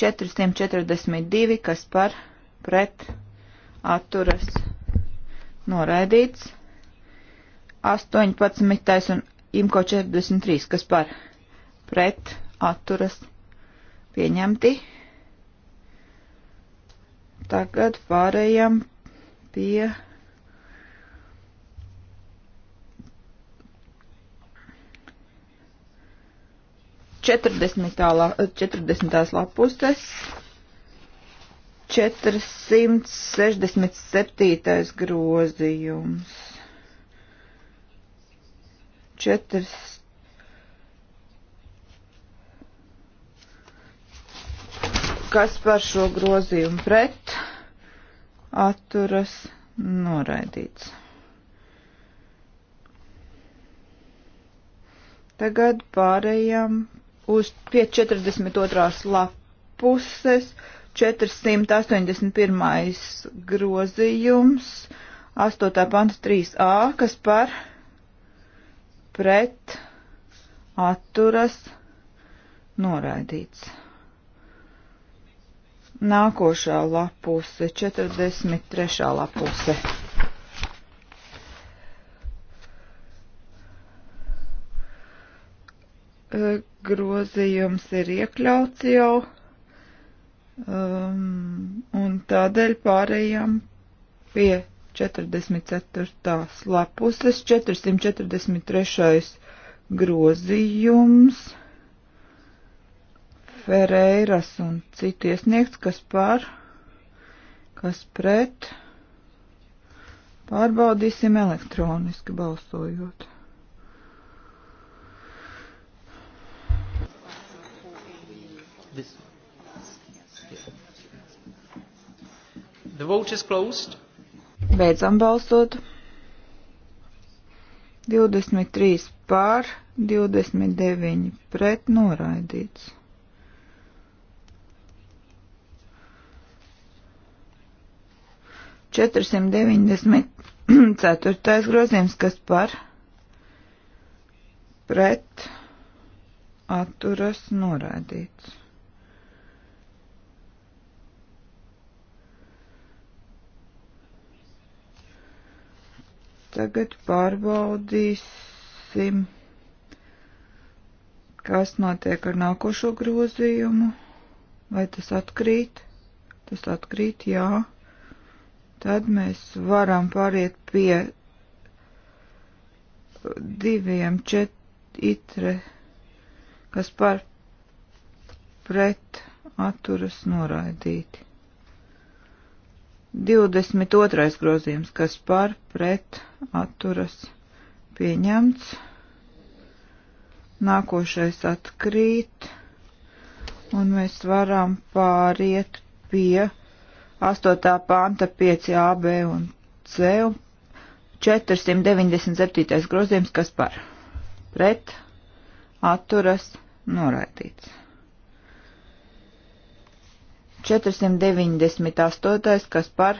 442, kas par pret atturas noraidīts. 18. un IMCO 43, kas par pret atturas pieņemti. Tagad pārējām pie la, 40. lapuses. 467. grozījums četras. Kas par šo grozījumu pret atturas noraidīts. Tagad pārējām uz pie 42. lapuses 481. grozījums 8. pants 3a, kas par pret atturas noraidīts. Nākošā lapuse, 43. lapuse. Eh, grozījums ir iekļauts jau, um, un tādēļ pārējām pie 44. lapuses, 443. grozījums, Ferreiras un citu iesniegts, kas par, kas pret. Pārbaudīsim elektroniski balsojot. The vote is closed. Beidzam balsot. 23 pār, 29 pret noraidīts. Četrsimt deviņdesmit ceturtais grozījums, kas par pret atturas noraidīts. Tagad pārbaudīsim, kas notiek ar nākošo grozījumu. Vai tas atkrīt? Tas atkrīt, jā. Tad mēs varam pāriet pie diviem četre, kas par pret atturas noraidīti. 22. grozījums, kas par pret atturas pieņemts. Nākošais atkrīt, un mēs varam pāriet pie 8. panta 5 AB un C un 497. grozījums, kas par pret atturas noraidīts. 498. kas par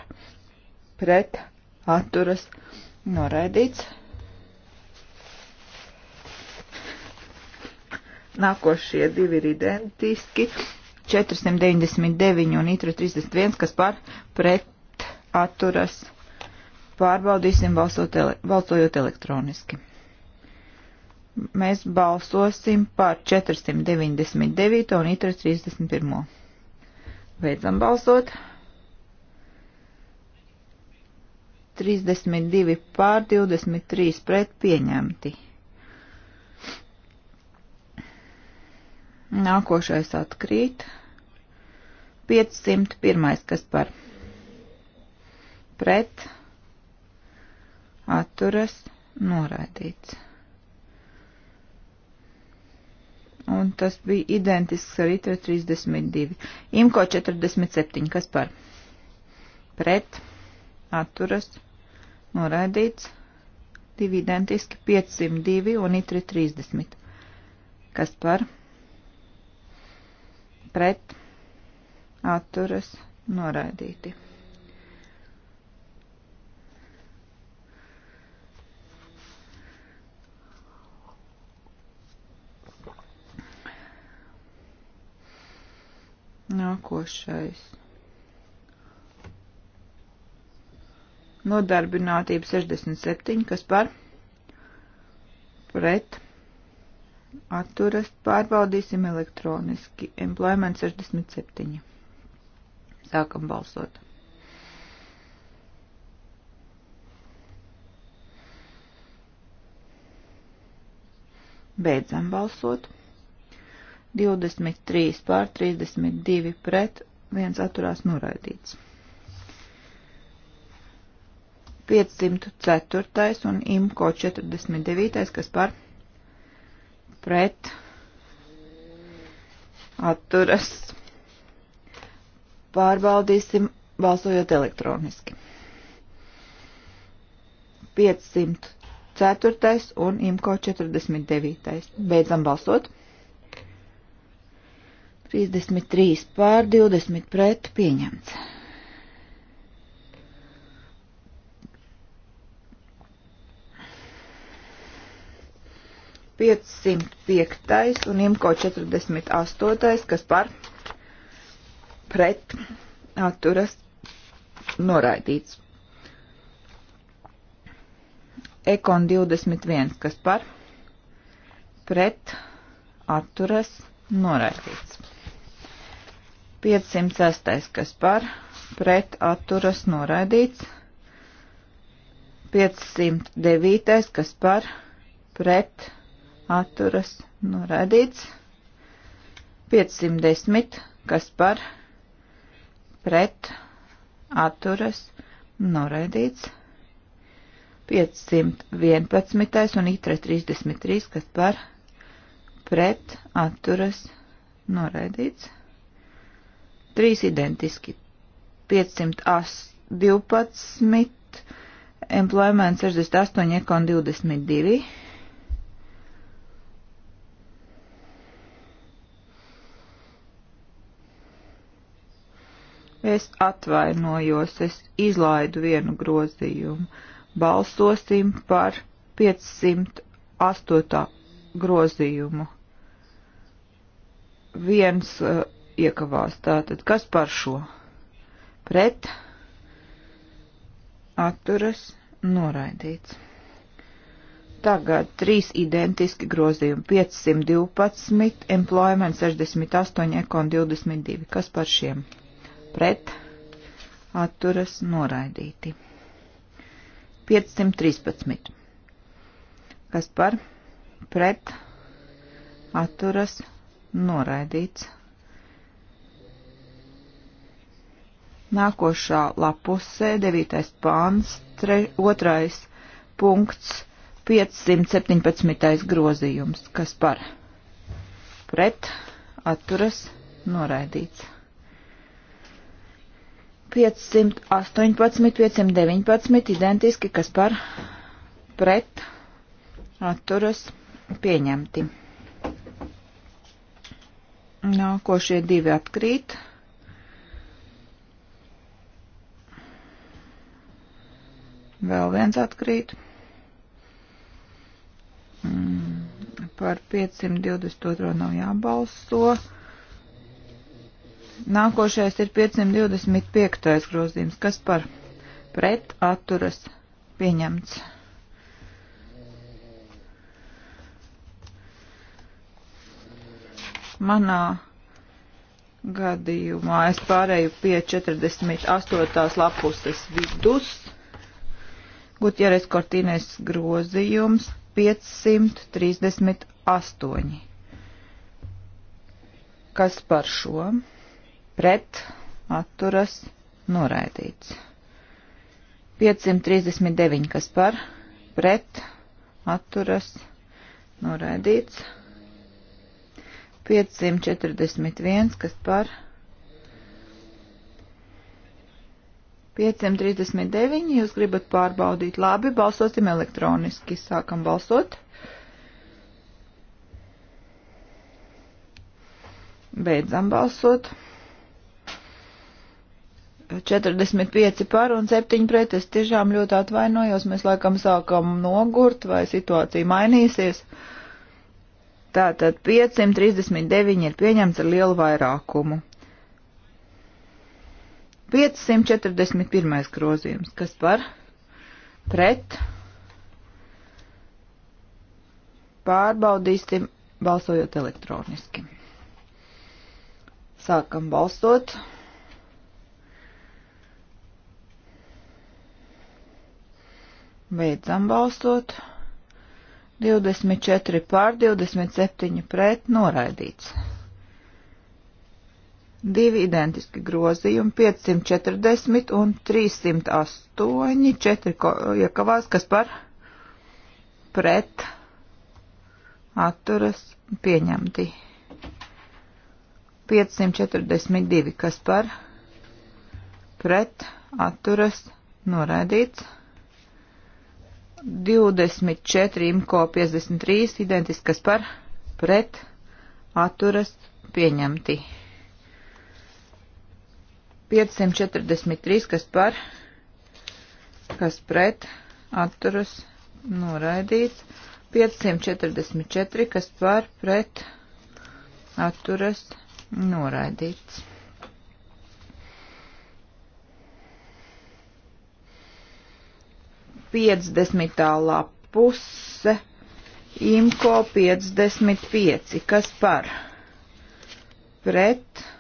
pret atturas noraidīts. Nākošie divi ir identiski. 499 un itra 31, kas par pret atturas pārbaudīsim balsot, ele, balsojot elektroniski. Mēs balsosim par 499 un itra 31. Beidzam balsot. 32 pār 23 pret pieņemti. Nākošais atkrīt. 501. kas par pret atturas noraidīts. un tas bija identisks ar ITR 32. IMCO 47, kas par pret, atturas, noraidīts, divi identiski 502 un ITR 30, kas par pret, atturas, noraidīti. Nākošais. Nodarbinātība 67, kas par pret atturas pārbaudīsim elektroniski. Employment 67. Sākam balsot. Beidzam balsot. 23 pār 32 pret, viens atturās noraidīts. 504. un IMCO 49. kas par pret atturas. Pārbaudīsim balsojot elektroniski. 504. un IMCO 49. Beidzam balsot. 33 pār 20 pret pieņemts. Piecsimt piektais un imko 48, kas par pret atturas noraidīts. Ekon 21, kas par pret atturas noraidīts. 506. kas par pret atturas noraidīts. 509. kas par pret atturas noraidīts. 510. kas par pret atturas noraidīts. 511. un itra 33, kas par pret atturas noraidīts. Trīs identiski. 512, employment 68, ekon 22. Es atvainojos, es izlaidu vienu grozījumu. Balsosim par 508. grozījumu. Viens uh, iekavās. Tātad, kas par šo? Pret, atturas, noraidīts. Tagad trīs identiski grozījumi - 512, employment 68, ekon 22. Kas par šiem? Pret, atturas, noraidīti. 513. Kas par? Pret, atturas, noraidīts. Nākošā lapusē, 9. pāns, 2. punkts, 517. grozījums, kas par pret atturas noraidīts. 518, 519 identiski, kas par pret atturas pieņemti. Nākošie divi atkrīt. Vēl viens atkrīt. Mm, par 522 nav jābalso. Nākošais ir 525. grozījums, kas par pret atturas pieņemts. Manā gadījumā es pārēju pie 48. lapuses vidus. Gutjeres Kortīnes grozījums 538. Kas par šo? Pret atturas noraidīts. 539. Kas par? Pret atturas noraidīts. 541. Kas par? 539, jūs gribat pārbaudīt. Labi, balsosim elektroniski. Sākam balsot. Beidzam balsot. 45 par un 7 pret. Es tiešām ļoti atvainojos. Mēs laikam sākam nogurt, vai situācija mainīsies. Tātad 539 ir pieņemts ar lielu vairākumu. 541. grozījums, kas par pret pārbaudīsim balsojot elektroniski. Sākam balsot. Beidzam balsot. 24 pār 27 pret noraidīts. Divi identiski grozījumi - 540 un 308, četri iekavās, kas par pret atturas pieņemti. 542, kas par pret atturas noraidīts. 24, imko 53, identiskas par pret atturas pieņemti. 543, kas par, kas pret, atturas, noraidīts. 544, kas par, pret, atturas, noraidīts. Piecdesmitā lapuse, imko 55, kas par, pret, atturas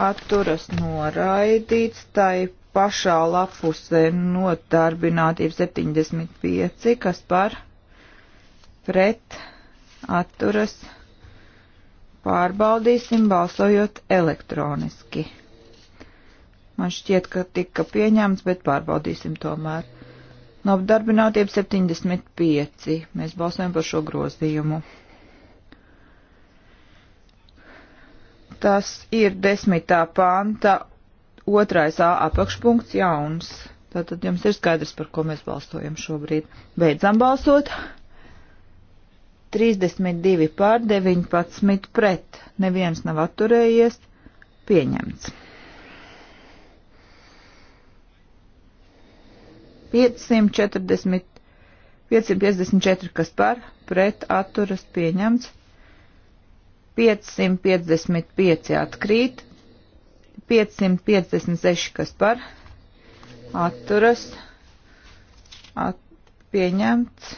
atturas noraidīts, tai pašā lapusē nodarbinātība 75, kas par pret atturas pārbaudīsim balsojot elektroniski. Man šķiet, ka tika pieņemts, bet pārbaudīsim tomēr. No apdarbinātība 75. Mēs balsojam par šo grozījumu. Tas ir desmitā panta otrais A apakšpunkts jauns. Tātad jums ir skaidrs, par ko mēs balstojam šobrīd. Beidzam balsot. 32 pār 19 pret. Neviens nav atturējies. Pieņemts. 540, 554, kas par, pret atturas pieņemts. 555 atkrīt, 556 kas par atturas, at, pieņemts,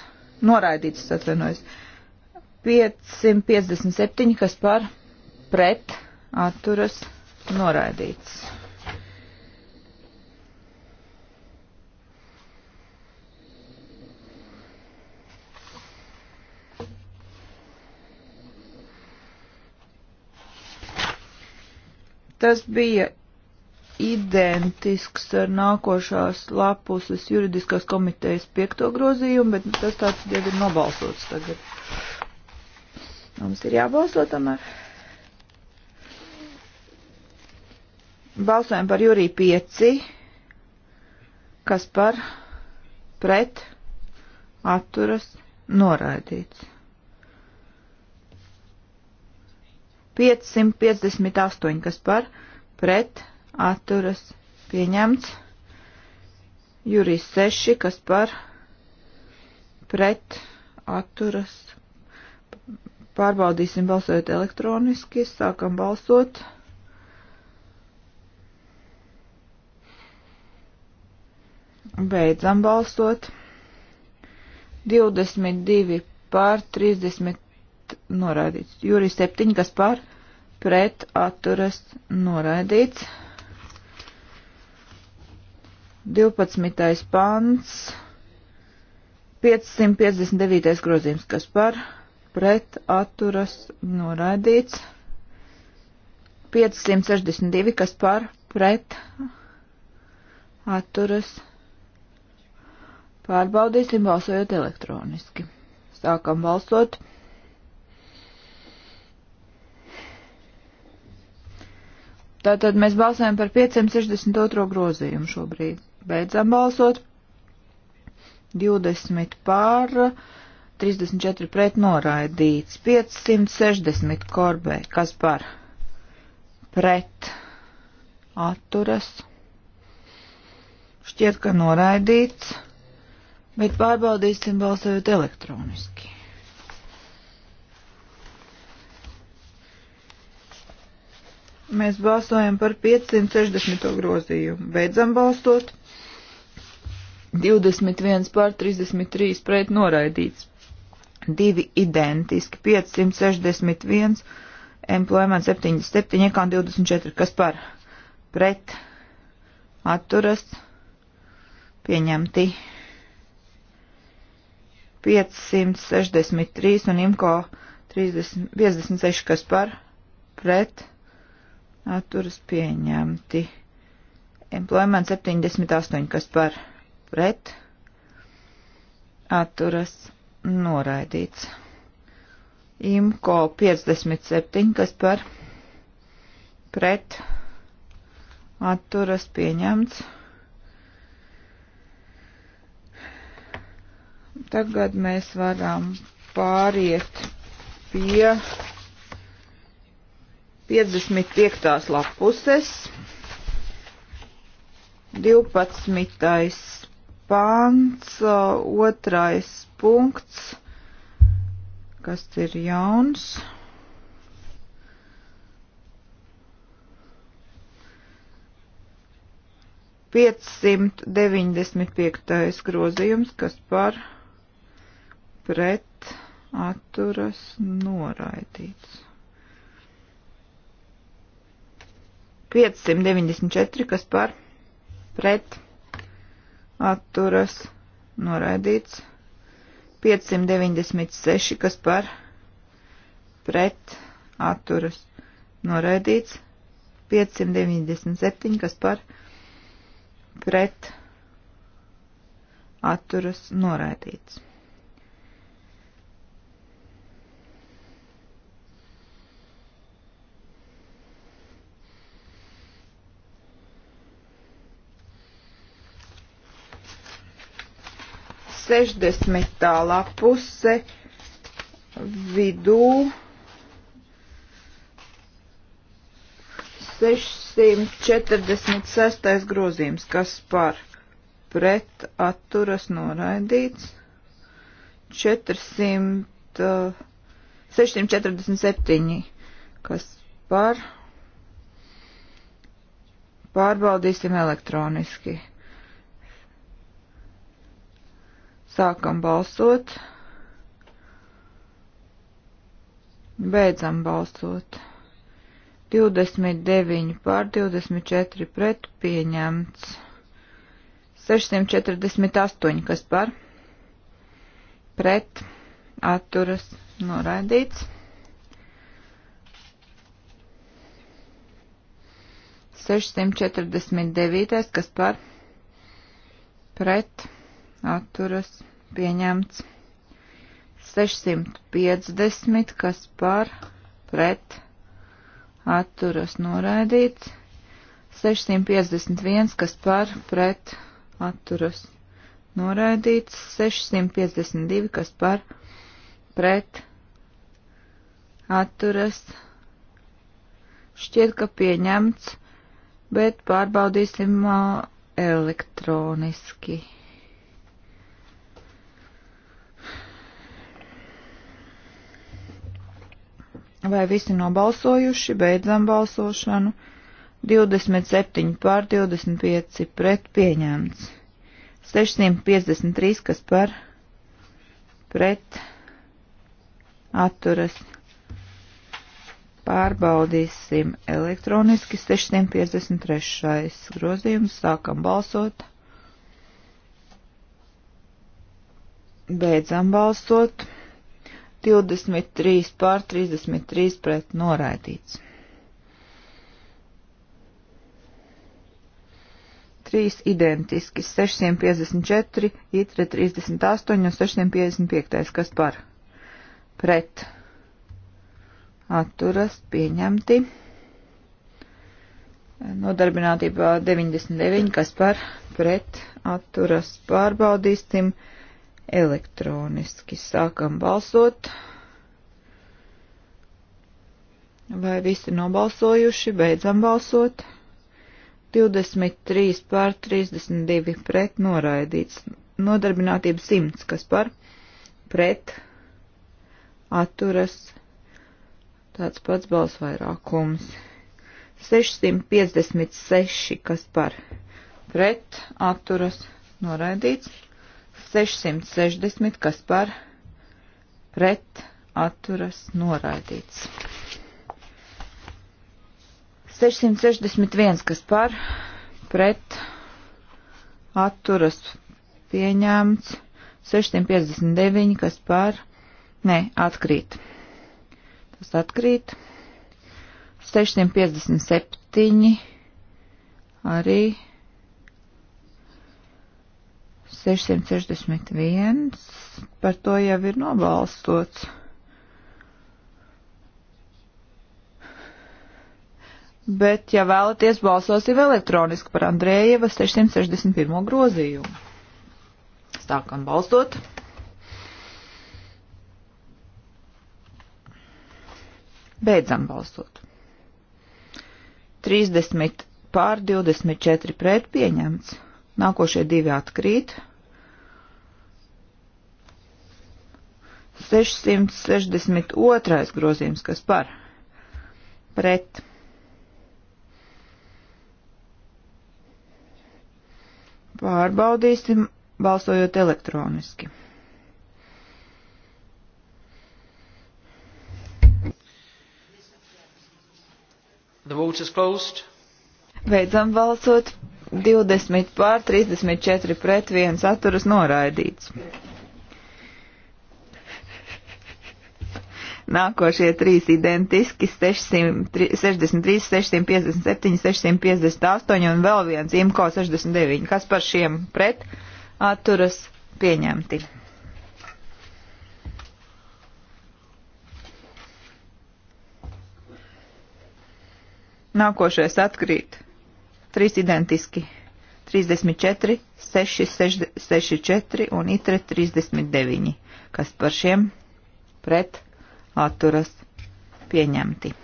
noraidīts, atvainojos, 557 kas par pret atturas, noraidīts. Tas bija identisks ar nākošās lapuses juridiskās komitejas piekto grozījumu, bet nu, tas tāds jau ir nobalsots tagad. Mums ir jābalso tomēr. Balsojam par jūrī 5, kas par pret atturas noraidīts. 558, kas par pret atturas pieņemts. Jurijs 6, kas par pret atturas. Pārbaudīsim balsot elektroniski, sākam balsot. Beidzam balsot. 22 pār 30 noraidīts. Jūrī 7, kas par pret atturas noraidīts. 12. pants, 559. grozījums, kas par pret atturas noraidīts. 562, kas par pret atturas pārbaudīsim balsojot elektroniski. Sākam balsot. 562. Tātad mēs balsojam par 562. grozījumu šobrīd. Beidzam balsot. 20 pār, 34 pret noraidīts. 560 korbē. Kas par? Pret. Atturas. Šķiet, ka noraidīts, bet pārbaudīsim balsojot elektroniski. Mēs balsojam par 560. grozījumu. Beidzam balstot. 21 pār 33 pret noraidīts. Divi identiski. 561, employment 77, ekām 24. Kas par? Pret. Atturas. Pieņemti. 563 un imko 30, 56. Kas par? Pret atturas pieņemti. Employment 78, kas par pret atturas noraidīts. Imko 57, kas par pret atturas pieņemts. Tagad mēs varam pāriet pie 55. lapuses, 12. pāns, 2. punkts, kas ir jauns. Piecsimt deviņdesmit piektais grozījums, kas par pret atturas noraidīts. 594, kas par pret atturas noraidīts. 596, kas par pret atturas noraidīts. 597, kas par pret atturas noraidīts. 60. lapuse vidū 646. grozījums, kas par pret atturas noraidīts, 400, 647, kas par pārbaudīsim elektroniski. Sākam balsot. Beidzam balsot. 29 pār 24 pret pieņemts. 648 kas par. Pret atturas noraidīts. 649. kas par pret atturas pieņemts 650, kas par pret atturas noraidīts 651, kas par pret atturas noraidīts 652, kas par pret atturas šķiet, ka pieņemts, bet pārbaudīsim uh, elektroniski. Vai visi nobalsojuši? Beidzam balsošanu. 27 pār 25 pret pieņemts. 653, kas par pret atturas. Pārbaudīsim elektroniski 653. grozījums. Sākam balsot. Beidzam balsot. 23 pār 33 pret noraidīts. 3 identiski 654, itre 38 un 655, kas par pret atturas pieņemti. Nodarbinātība 99, kas par pret atturas pārbaudīsim. 100 elektroniski. Sākam balsot. Vai visi nobalsojuši? Beidzam balsot. 23 pār 32 pret noraidīts. Nodarbinātība 100, kas par pret atturas tāds pats balss vairākums. 656, kas par pret atturas noraidīts. 660, kas par pret atturas noraidīts. 661, kas par pret atturas pieņemts. 659, kas par ne atkrīt. Tas atkrīt. 657 arī 661, par to jau ir nobalstots. Bet, ja vēlaties, balsosim elektroniski par Andrējeva 661. grozījumu. Sākam balstot. Beidzam balstot. 30 pār 24 pret pieņemts. Nākošie divi atkrīt. 662. grozījums, kas par pret. Pārbaudīsim, balsojot elektroniski. The vote is closed. Beidzam balsot 20 pār 34 pret 1 atturas noraidīts. Nākošie trīs identiski 663, 657, 658 un vēl viens IMCO 69. Kas par šiem pret atturas pieņemti? Nākošais atkrīt. Trīs identiski. 34, 6, 6, 6, 4 un itre 39. Kas par šiem pret atturas pieņemti.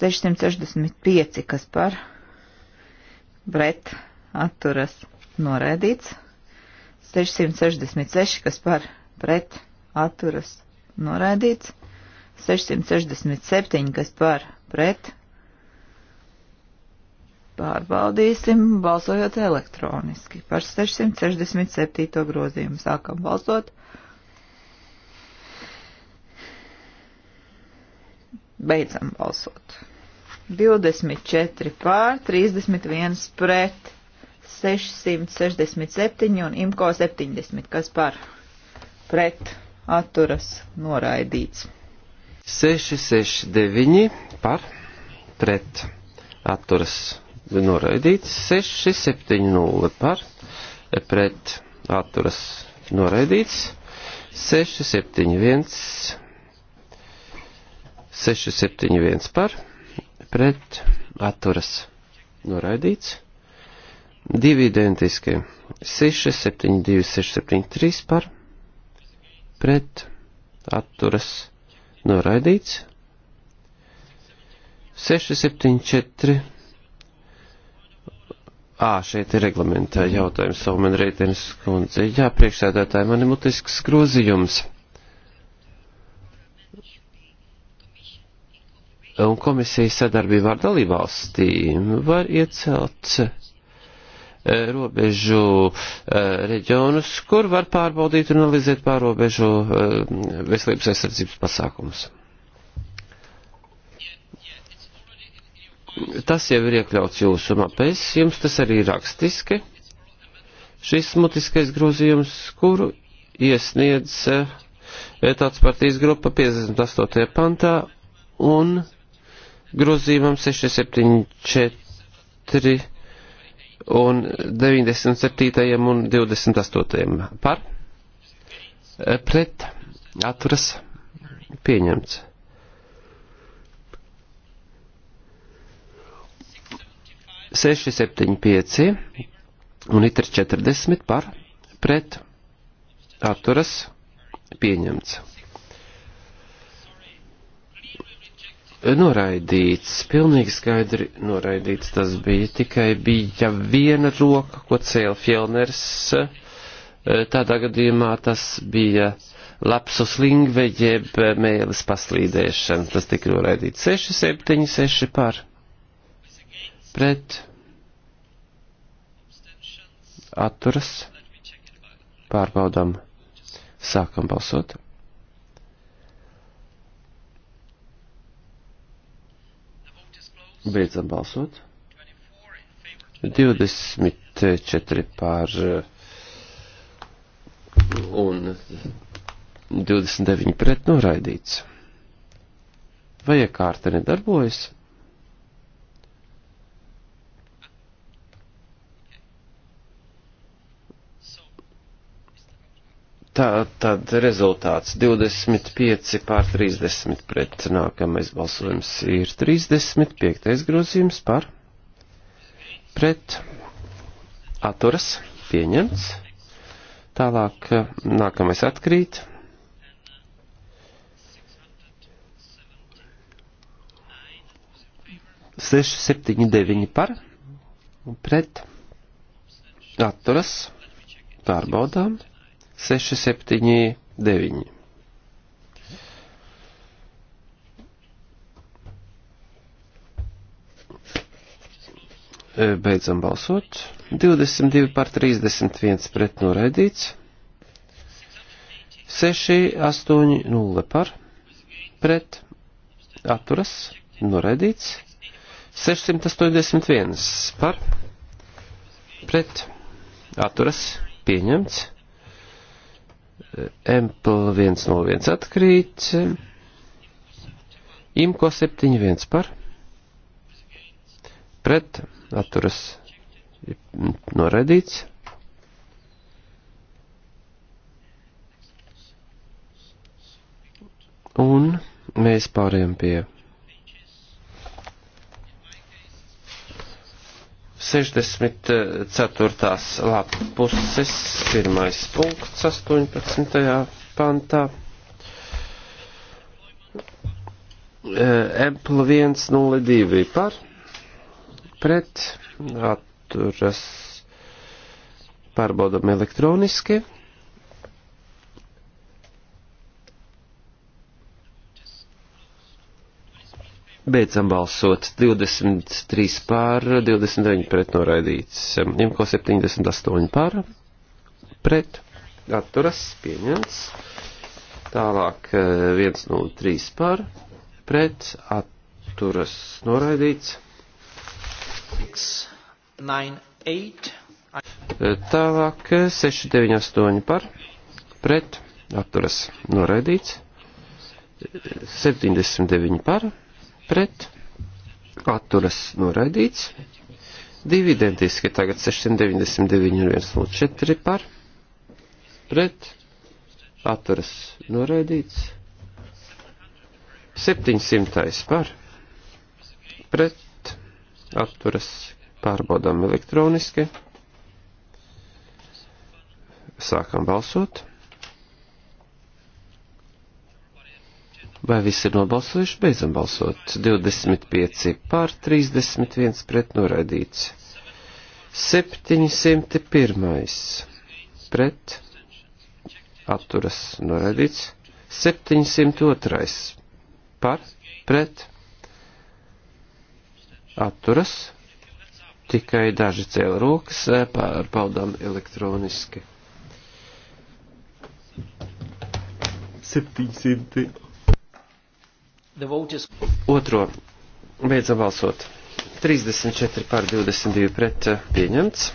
665, kas par pret atturas noraidīts. 666, kas par pret atturas noraidīts. 667, kas par pret. Pārbaudīsim, balsojot elektroniski. Par 667. grozījumu sākam balsot. Beidzam balsot. 24 pār, 31 pret, 667 un imko 70, kas par pret atturas noraidīts. 669 par pret atturas noraidīts, 670 par pret atturas noraidīts, 671 671 par, pret, atturas, noraidīts. Divi identiski. 672, 673 par, pret, atturas, noraidīts. 674. Ā, šeit ir reglamentā jautājums, Saumen Reitenes kundze. Jā, priekšsēdētāji, man ir mutisks grozījums. un komisijas sadarbībā ar dalībvalstīm var iecelt eh, robežu eh, reģionus, kur var pārbaudīt un analizēt pārobežu eh, veselības aizsardzības pasākumus. Tas jau ir iekļauts jūsu mapēs, jums tas arī ir rakstiski. Šis mutiskais grozījums, kuru iesniedz Tautas partijas grupa 58. pantā un grozījumam 674 un 97. un 28. Eh, par pret atturas pieņemts. 675 un itr 40 par pret atturas pieņemts. noraidīts, pilnīgi skaidri noraidīts tas bija, tikai bija viena roka, ko cēl Fjellners, tādā gadījumā tas bija lapsus lingve jeb mēlis paslīdēšana, tas tika noraidīts 6, 7, 6 par, pret, atturas, pārbaudam, sākam balsot. Beidzam balsot. 24 pār un 29 pret noraidīts. Vai iekārta nedarbojas? Tā tad rezultāts 25 pār 30 pret nākamais balsojums ir 35. grozījums par pret atturas pieņemts. Tālāk nākamais atkrīt. Seši, septiņi, deviņi par pret atturas pārbaudām. 679. E, beidzam balsot. 22 par 31 pret noraidīts. 6, 8, 0 par pret atturas noraidīts. 681 par pret atturas pieņemts. Empl 101 atkrīt. Imko 71 par. Pret atturas noraidīts. Un mēs pārējām pie 64. Eh, lapuses, 1. punkts 18. pantā. Empl eh, 102 par pret atturas pārbaudam elektroniski. Beidzam balsot 23 pār, 29 pret noraidīts. Imko 78 pār, pret, atturas, pieņemts. Tālāk 103 eh, pār, pret, atturas, noraidīts. 698. Eh, tālāk 698 eh, par, pret, atturas, noraidīts. 79 par, pret, atturas noraidīts, divi identiski, tagad 699 un 104 par, pret, atturas noraidīts, 700 par, pret, atturas pārbaudām elektroniski, sākam balsot. Vai visi ir nobalsojuši? Beidzam balsot. 25 pār 31 pret noraidīts. 701 pret atturas noraidīts. 702 par pret atturas. Tikai daži cēla rokas, eh, pārbaudām elektroniski. 700. Is... Otro. Beidzam balsot. 34 pār 22 pret eh, pieņemts.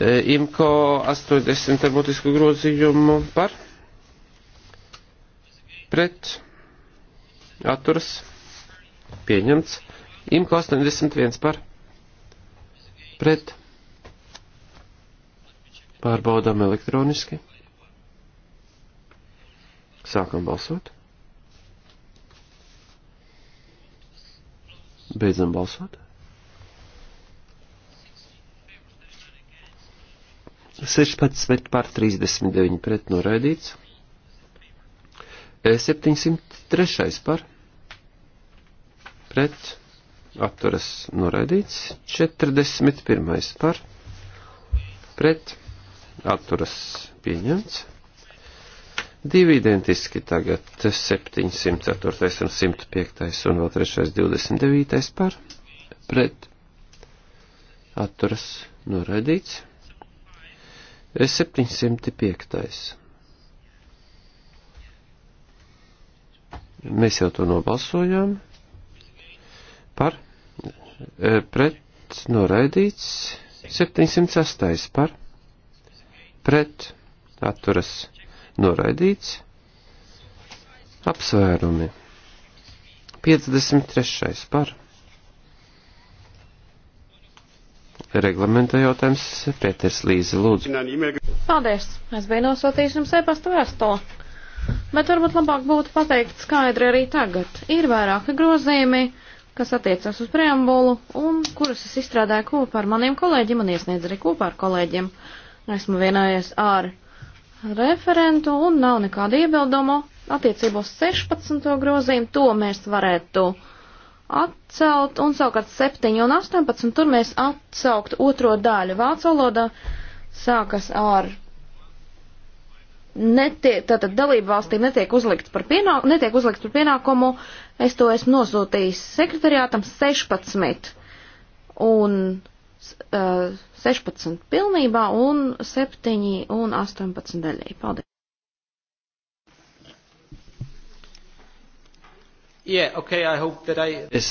Eh, IMCO 80 ar būtisku grozījumu par. Pret. Atturas. Pieņemts. IMCO 81 par. Pret. Pārbaudām elektroniski. Sākam balsot. Beidzam balsot. 16 pār 39 pret noraidīts. 703 e, par pret apturas noraidīts. 41 par pret apturas pieņemts. Divi identiski tagad 704 un 105 un vēl 3 29 par pret atturas noraidīts. 705. E, Mēs jau to nobalsojām par e, pret noraidīts 708 par pret atturas noraidīts noraidīts. Apsvērumi. 53. par. Reglamenta jautājums Pēters Līze, lūdzu. Paldies! Es biju nosūtījis jums e-pasta vēstuli. Bet varbūt labāk būtu pateikt skaidri arī tagad. Ir vairāki grozījumi, kas attiecas uz preambulu un kurus es izstrādāju kopā ar maniem kolēģiem un iesniedzu arī kopā ar kolēģiem. Esmu vienojies ar referentu un nav nekāda iebildumu attiecībos 16. grozījumu, to mēs varētu atcelt, un savukārt 7 un 18, tur mēs atsaukt otro daļu. Vācu valoda sākas ar netiek, tātad dalību valstīm netiek uzlikts par, pienā, netiek uzlikts par pienākumu, es to esmu nosūtījis sekretariātam 16, un uh, 16 pilnībā un 7 un 18 daļai. Paldies! Yeah, okay, I hope that I... Es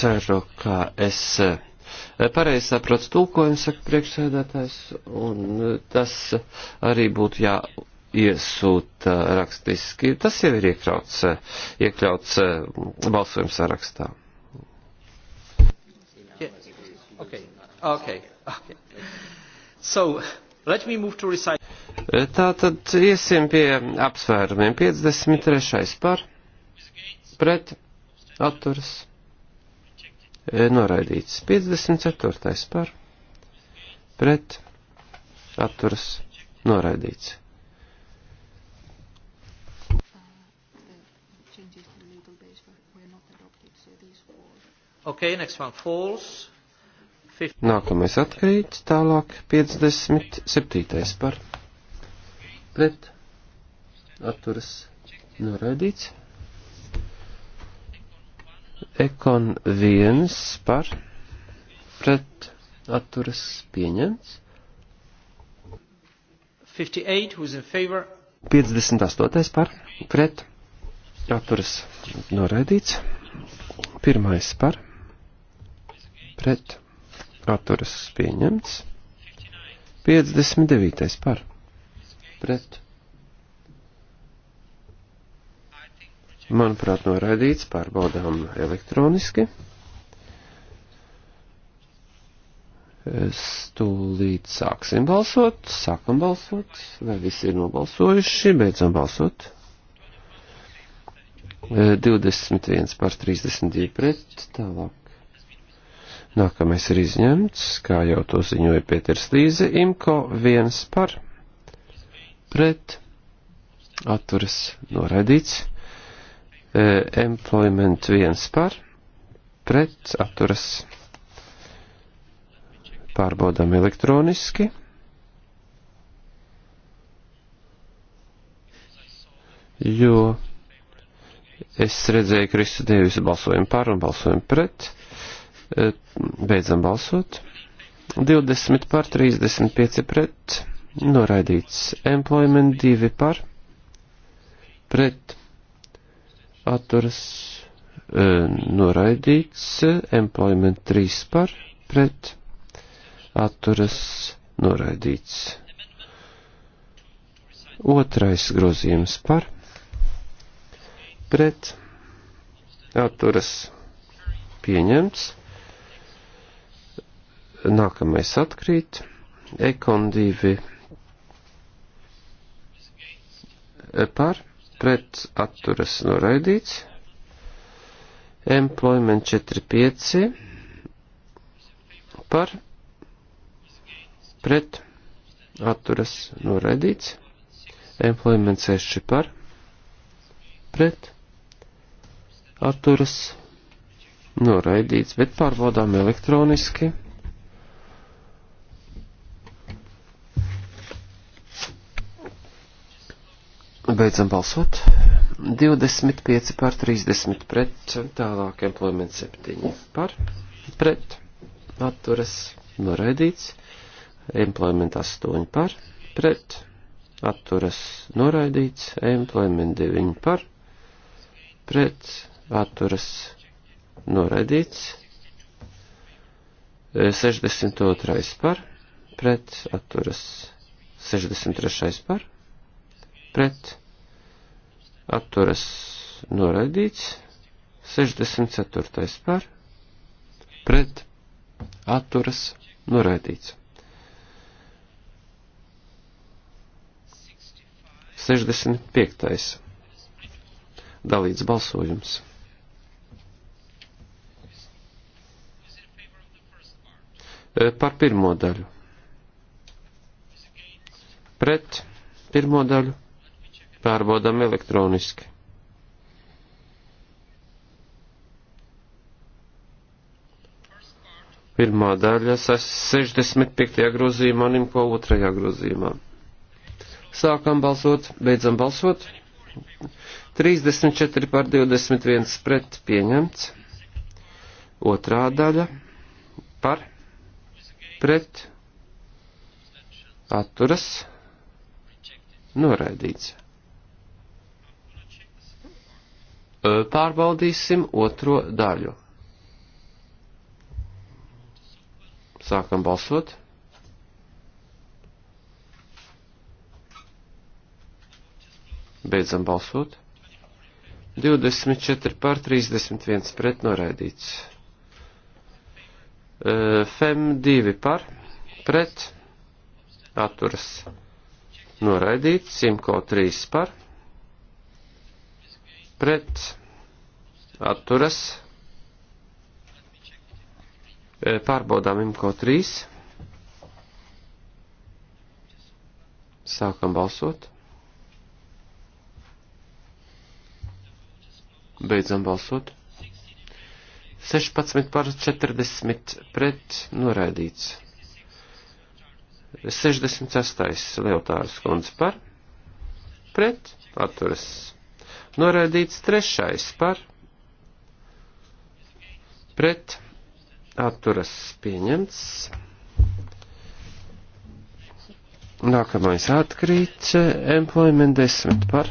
ceru, ka es eh, pareizi saprotu tulkojumu, saka priekšsēdētājs, un eh, tas arī būtu jā iesūta rakstiski. Tas jau ir iekļauts, eh, iekļauts balsojuma sarakstā. Yeah. Okay. Okay. Okay. Ah. So, let me move to recite. Tātad iesim pie apsvērumiem. 53. par, pret, atturas, e, noraidīts. 54. par, pret, atturas, noraidīts. Okay, next one falls. Nākamais atkrīt, tālāk 57. par pret atturas noraidīts. Ekon 1 par pret atturas pieņemts. 58. 58. par pret atturas noraidīts. Pirmais par pret atturas pieņemts. 59. par pret. Manuprāt, noraidīts pārbaudām elektroniski. Stūlīt sāksim balsot, sākam balsot, vai visi ir nobalsojuši, beidzam balsot. 21 eh, par 32 pret, tālāk Nākamais ir izņemts, kā jau to ziņoja Pēters Līze, Imko viens par pret atturas noraidīts, e, employment viens par pret atturas pārbaudām elektroniski. Jo es redzēju Kristu Dievis balsojumu par un balsojumu pret. Eh, beidzam balsot. 20 par 35 pret. Noraidīts. Employment 2 par. Pret. Atturas. Eh, noraidīts. Employment 3 par. Pret. Atturas. Noraidīts. Otrais grozījums par. Pret. Atturas. Pieņemts. Nākamais atkrīt. Ekon 2 par pret atturas noraidīts. Employment 4.5 par pret atturas noraidīts. Employment 6 par pret atturas noraidīts, bet pārbaudām elektroniski. Beidzam balsot. 25 par 30 pret, tālāk employment 7 par pret, atturas noraidīts, employment 8 par pret, atturas noraidīts, employment 9 par pret, atturas noraidīts, 62 par pret, atturas 63 par pret atturas noraidīts, 64. par pret atturas noraidīts. 65. dalīts balsojums. E, par pirmo daļu. Pret pirmo daļu pārbaudām elektroniski. Pirmā daļa 65. grozījumā, Nimko otrajā grozījumā. Sākam balsot, beidzam balsot. 34 par 21 pret pieņemts. Otrā daļa par pret atturas noraidīts. Pārbaudīsim otro daļu. Sākam balsot. Beidzam balsot. 24 pār 31 pret noraidīts. FEM 2 par pret atturas noraidīts. Simko 3 par pret atturas e, pārbaudām imko 3. Sākam balsot. Beidzam balsot. 16 par 40 pret noraidīts. 66. Leotāras kundze par pret atturas Noraidīts trešais par pret atturas pieņemts. Nākamais atkrīt employment 10 par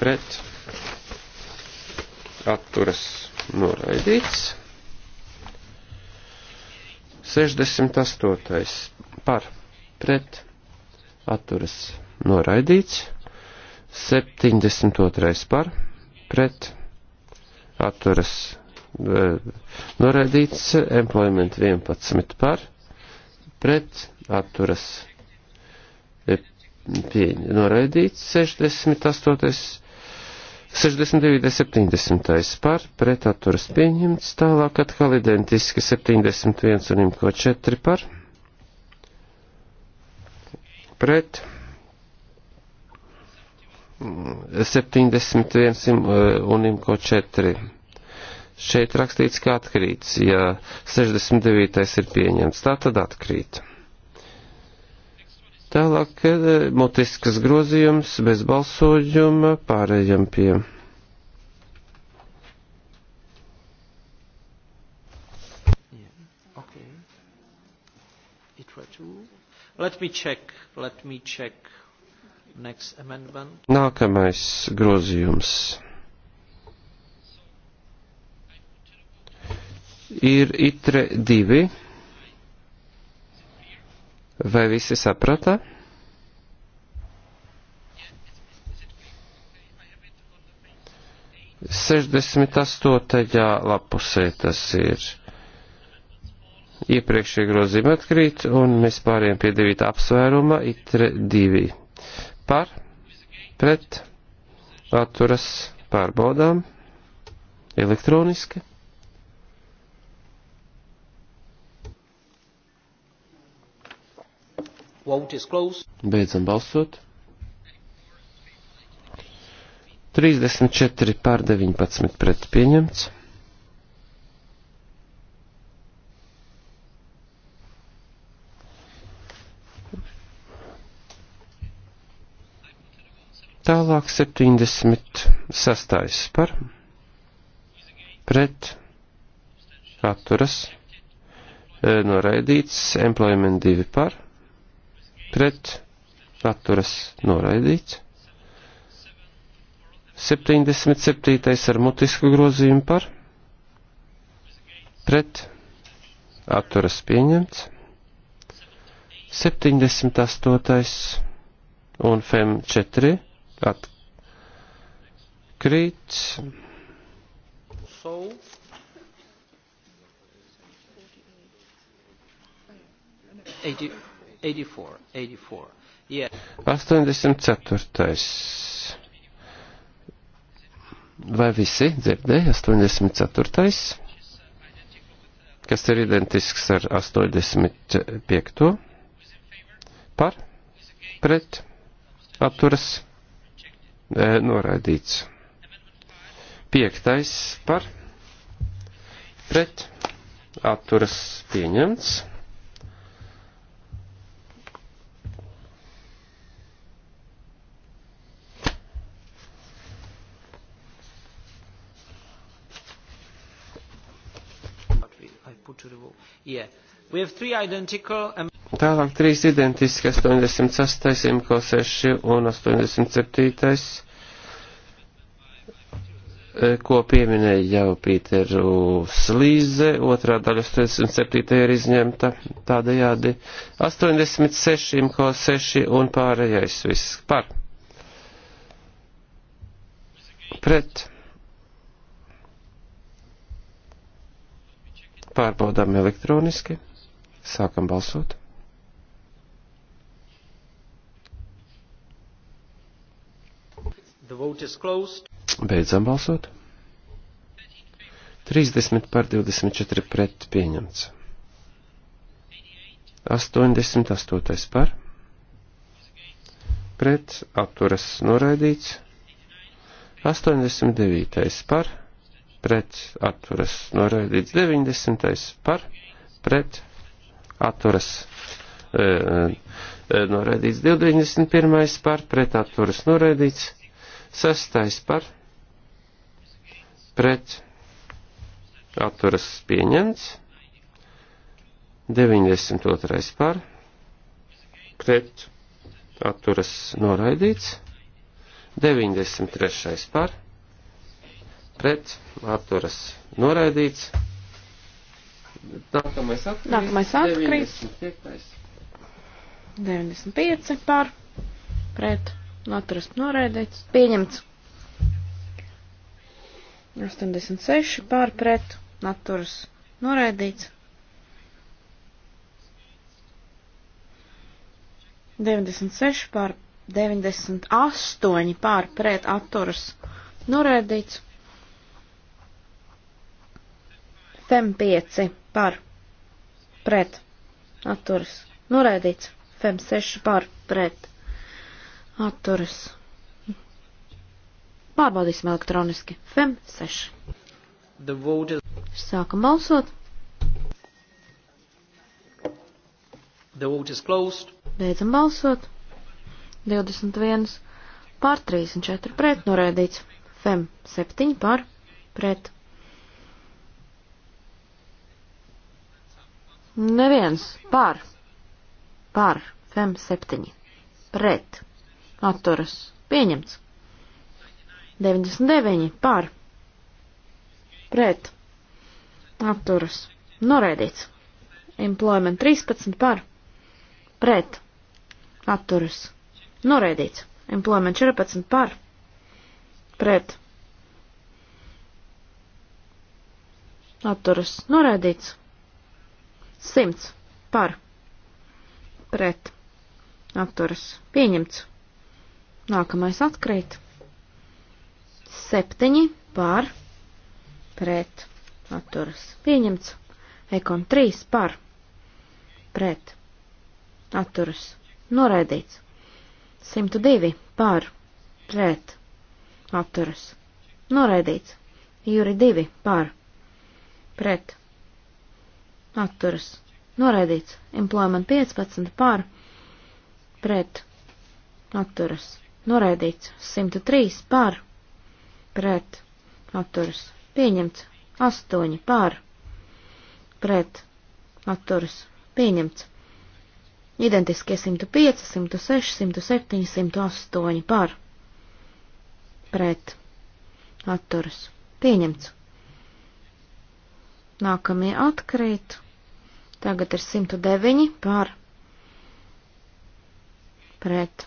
pret atturas noraidīts. 68. par pret atturas noraidīts. 72. par pret atturas e, noraidīts, employment 11 par pret atturas e, pieņ, noraidīts, 68. 69. 70. par pret atturas pieņemts, tālāk atkal identiski 71 un imko 4 par pret atturas 71 eh, un imko 4. Šeit rakstīts, ka atkrīts, ja 69. ir pieņemts, tā tad atkrīt. Tālāk eh, mutiskas grozījums bez balsojuma pārējam pie. Let me check, let me check Nākamais grozījums ir itre divi. Vai visi saprata? Sešdesmit astotajā lapusē tas ir iepriekšējā grozījuma atkrīt, un mēs pāriem pie devīta apsvēruma, itre divi par, pret, atturas pārbaudām elektroniski. Beidzam balsot. 34 pār 19 pret pieņemts. Tālāk 76. E, par pret atturas noraidīts, employment 2 par pret atturas noraidīts. 77. ar mutisku grozījumu par pret atturas pieņemts. 78. un FEM 4 atkrīt. So. Eighty, eighty-four, eighty-four. Yeah. 84. Vai visi dzirdēja 84. kas ir identisks ar 85. par pret atturas noraidīts. Piektais par pret atturas pieņemts. Yeah. We have three identical Tālāk trīs identiski 86, 106 un 87, e, ko pieminēja jau Pīteru Slīze, otrā daļa 87 ir izņemta tādējādi 86, 106 un pārējais viss par. Pret. Pārbaudām elektroniski. Sākam balsot. Beidzam balsot. 30 par 24 pret pieņemts. 88 par. Pret atturas noraidīts. 89 par. Pret atturas noraidīts. 90 par. Pret atturas e, eh, e, eh, noraidīts. 91 par. Pret atturas noraidīts. Sestais par pret atturas pieņemts. 92. par pret atturas noraidīts. 93. par pret atturas noraidīts. Nākamais atkrīt. Nākamais atkrīt. 95. par pret Atturas noraidīts. Pieņemts. 86 pār pret. Atturas noraidīts. 96 pār 98 pār pret atturas norēdīts. Fem 5 par pret atturas norēdīts. Fem 6 par pret atturas. Pārbaudīsim elektroniski. FEM 6. Is... Sākam balsot. Beidzam balsot. 21 pār 34 pret norēdīts. FEM 7 pār pret. Neviens pār. Pār. FEM 7. Pret atturas pieņemts. 99 par pret atturas noraidīts. Employment 13 par pret atturas noraidīts. Employment 14 par pret atturas noraidīts. 100 par pret atturas pieņemts. Nākamais atkrīt. Septiņi par pret atturas. Pieņemts. Ekon 3 par pret atturas. Noraidīts. 102 par pret atturas. Noraidīts. Jūri 2 par pret atturas. Noraidīts. Employment 15 par pret atturas noraidīts 103 par, pret atturas pieņemts 8 par, pret atturas pieņemts. Identiskie 105, 106, 107, 108 par, pret atturas pieņemts. Nākamie atkrīt. Tagad ir 109 par pret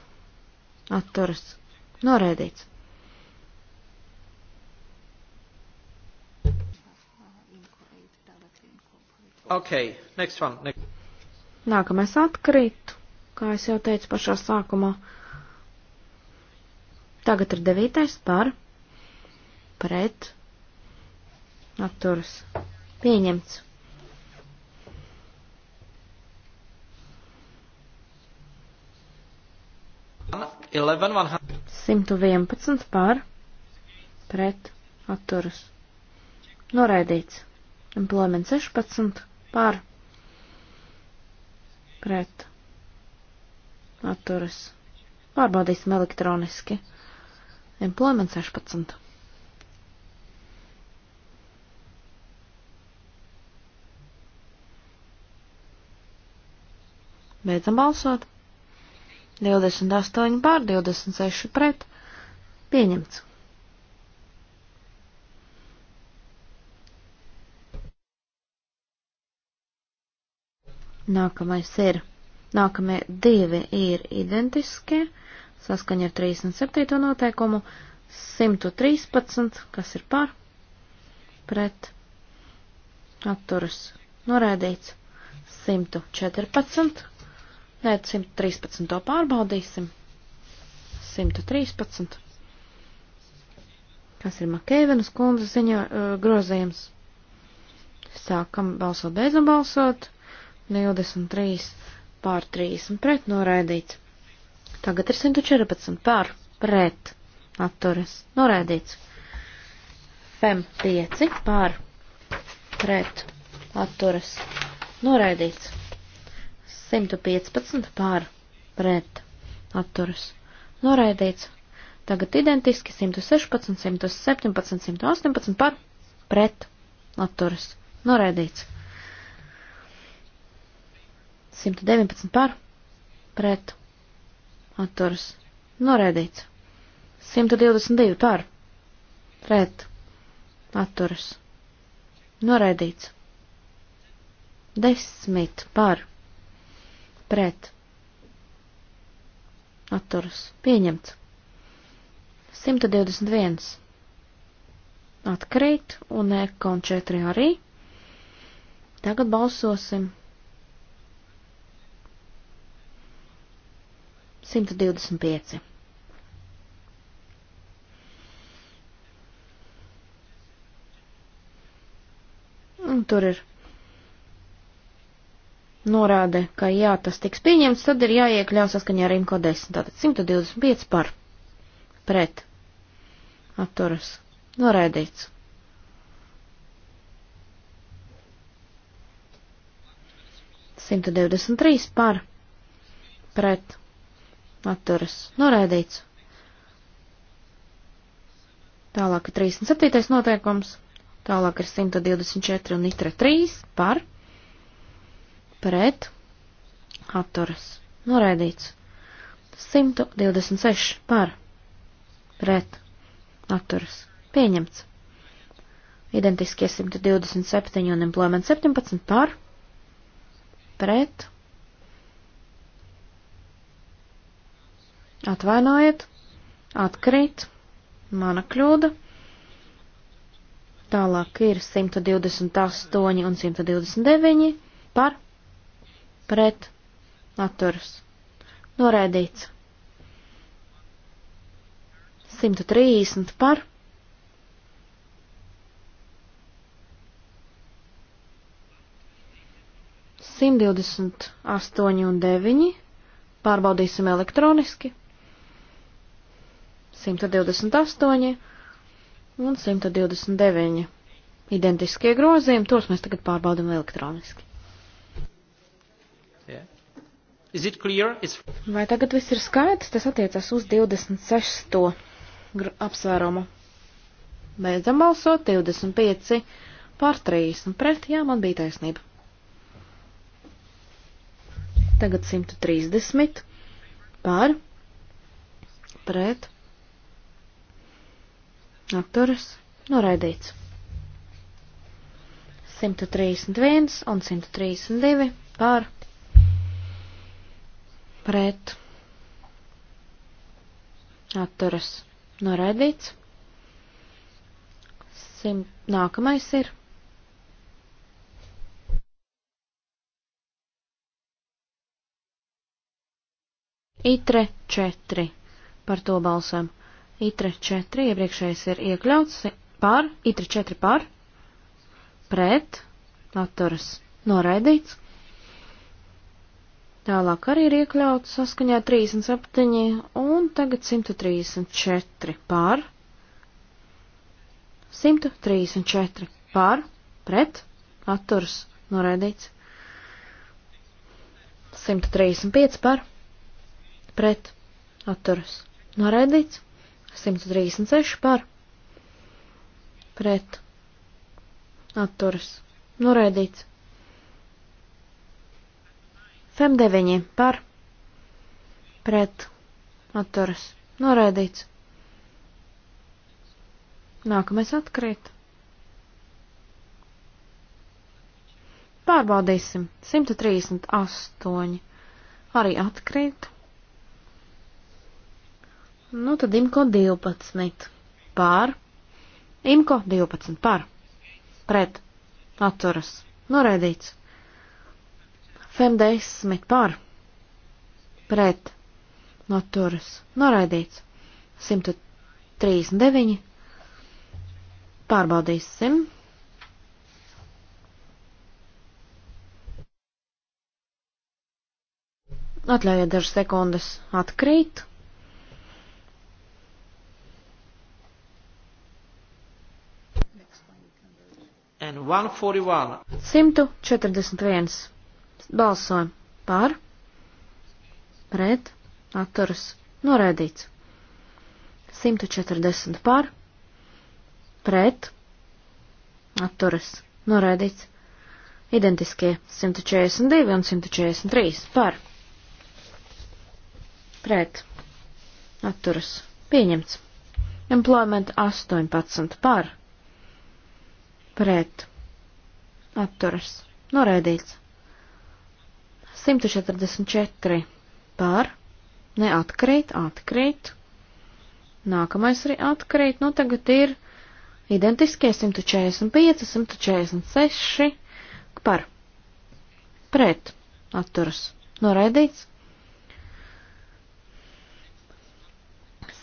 atturas noraidīts. Okay, next one. Next. Nākamais atkrīt, kā es jau teicu pašā sākumā. Tagad ir devītais par, pret, atturas, pieņemts. 111 pār pret atturas. Noraidīts. Employment 16 pār pret atturas. Pārbaudīsim elektroniski. Employment 16. Beidzam balsot. 28 pār 26 pret. Pieņemts. Nākamais ir. Nākamie divi ir identiski. Saskaņa ar 37. noteikumu. 113, kas ir par, pret, atturas, norēdīts. 114, Nē, 113. pārbaudīsim. 113. Kas ir Makēvenas kundzes ziņā grozījums? Sākam balsot, beidzam balsot. 23 pār 30 pret noraidīts. Tagad ir 114 pār pret atturas noraidīts. FEM 5 pār pret atturas noraidīts. 115 pār pret atturas noraidīts. Tagad identiski 116, 117, 118 par pret atturas noraidīts. 119 par pret atturas noraidīts. 122 par pret atturas noraidīts. 10 par pret pret atturas pieņemts. 121 atkrīt un ekon 4 arī. Tagad balsosim. 125. Un tur ir norāda, ka jā, tas tiks pieņemts, tad ir jāiekļauj saskaņā ar IMCO 10. Tātad 125 par pret atturas noraidīts. Simta divdesmit trīs par pret atturas noraidīts. Tālāk ir 37. noteikums, tālāk ir 124 un itra 3 par pret pret, atturas, noraidīts. 126 par, pret, atturas, pieņemts. Identiskie 127 un employment 17 par, pret, atvainojiet, atkrīt, mana kļūda. Tālāk ir 128 un 129 par pret atturas noraidīts. 130 par Simt divdesmit astoņi un deviņi. Pārbaudīsim elektroniski. 128 un 129. Identiskie grozījumi, tos mēs tagad pārbaudam elektroniski. Vai tagad viss ir skaidrs? Tas attiecas uz 26. apsvērumu. Beidzam balsot 25 pār 30 pret, jā, man bija taisnība. Tagad 130 pār pret apturas noraidīts. 131 un 132 pār pret atturas noraidīts. Sim, nākamais ir. Itre 4. Par to balsam. Itre 4 iepriekšējais ir iekļauts par, itre 4 par, pret, atturas, noraidīts. Tālāk arī ir iekļauts saskaņā 37 un tagad 134 par. 134 par, pret, atturs, noraidīts. 135 par, pret, atturs, noraidīts. 136 par, pret, atturs, noraidīts. 5-9 par pret atturas noraidīts. Nākamais atkrīt. Pārbaudīsim. 138 arī atkrīt. Nu, tad imko 12 pār. Imko 12 pār. Pret. Atturas. Noraidīts. FEM10 par, pret, noturas, noraidīts, 139, pārbaudīsim. Atļaujiet dažas sekundes atkrīt. And 141. 141 Balsojam par, pret, atturas, noraidīts. 140 par, pret, atturas, noraidīts. Identiskie 142 un 143 par, pret, atturas, pieņemts. Employment 18 par, pret, atturas, noraidīts. 144 par, neatkrīt, atkrīt. Nākamais arī atkrīt, nu tagad ir identiskie 145, 146 par, pret, atturas, noraidīts.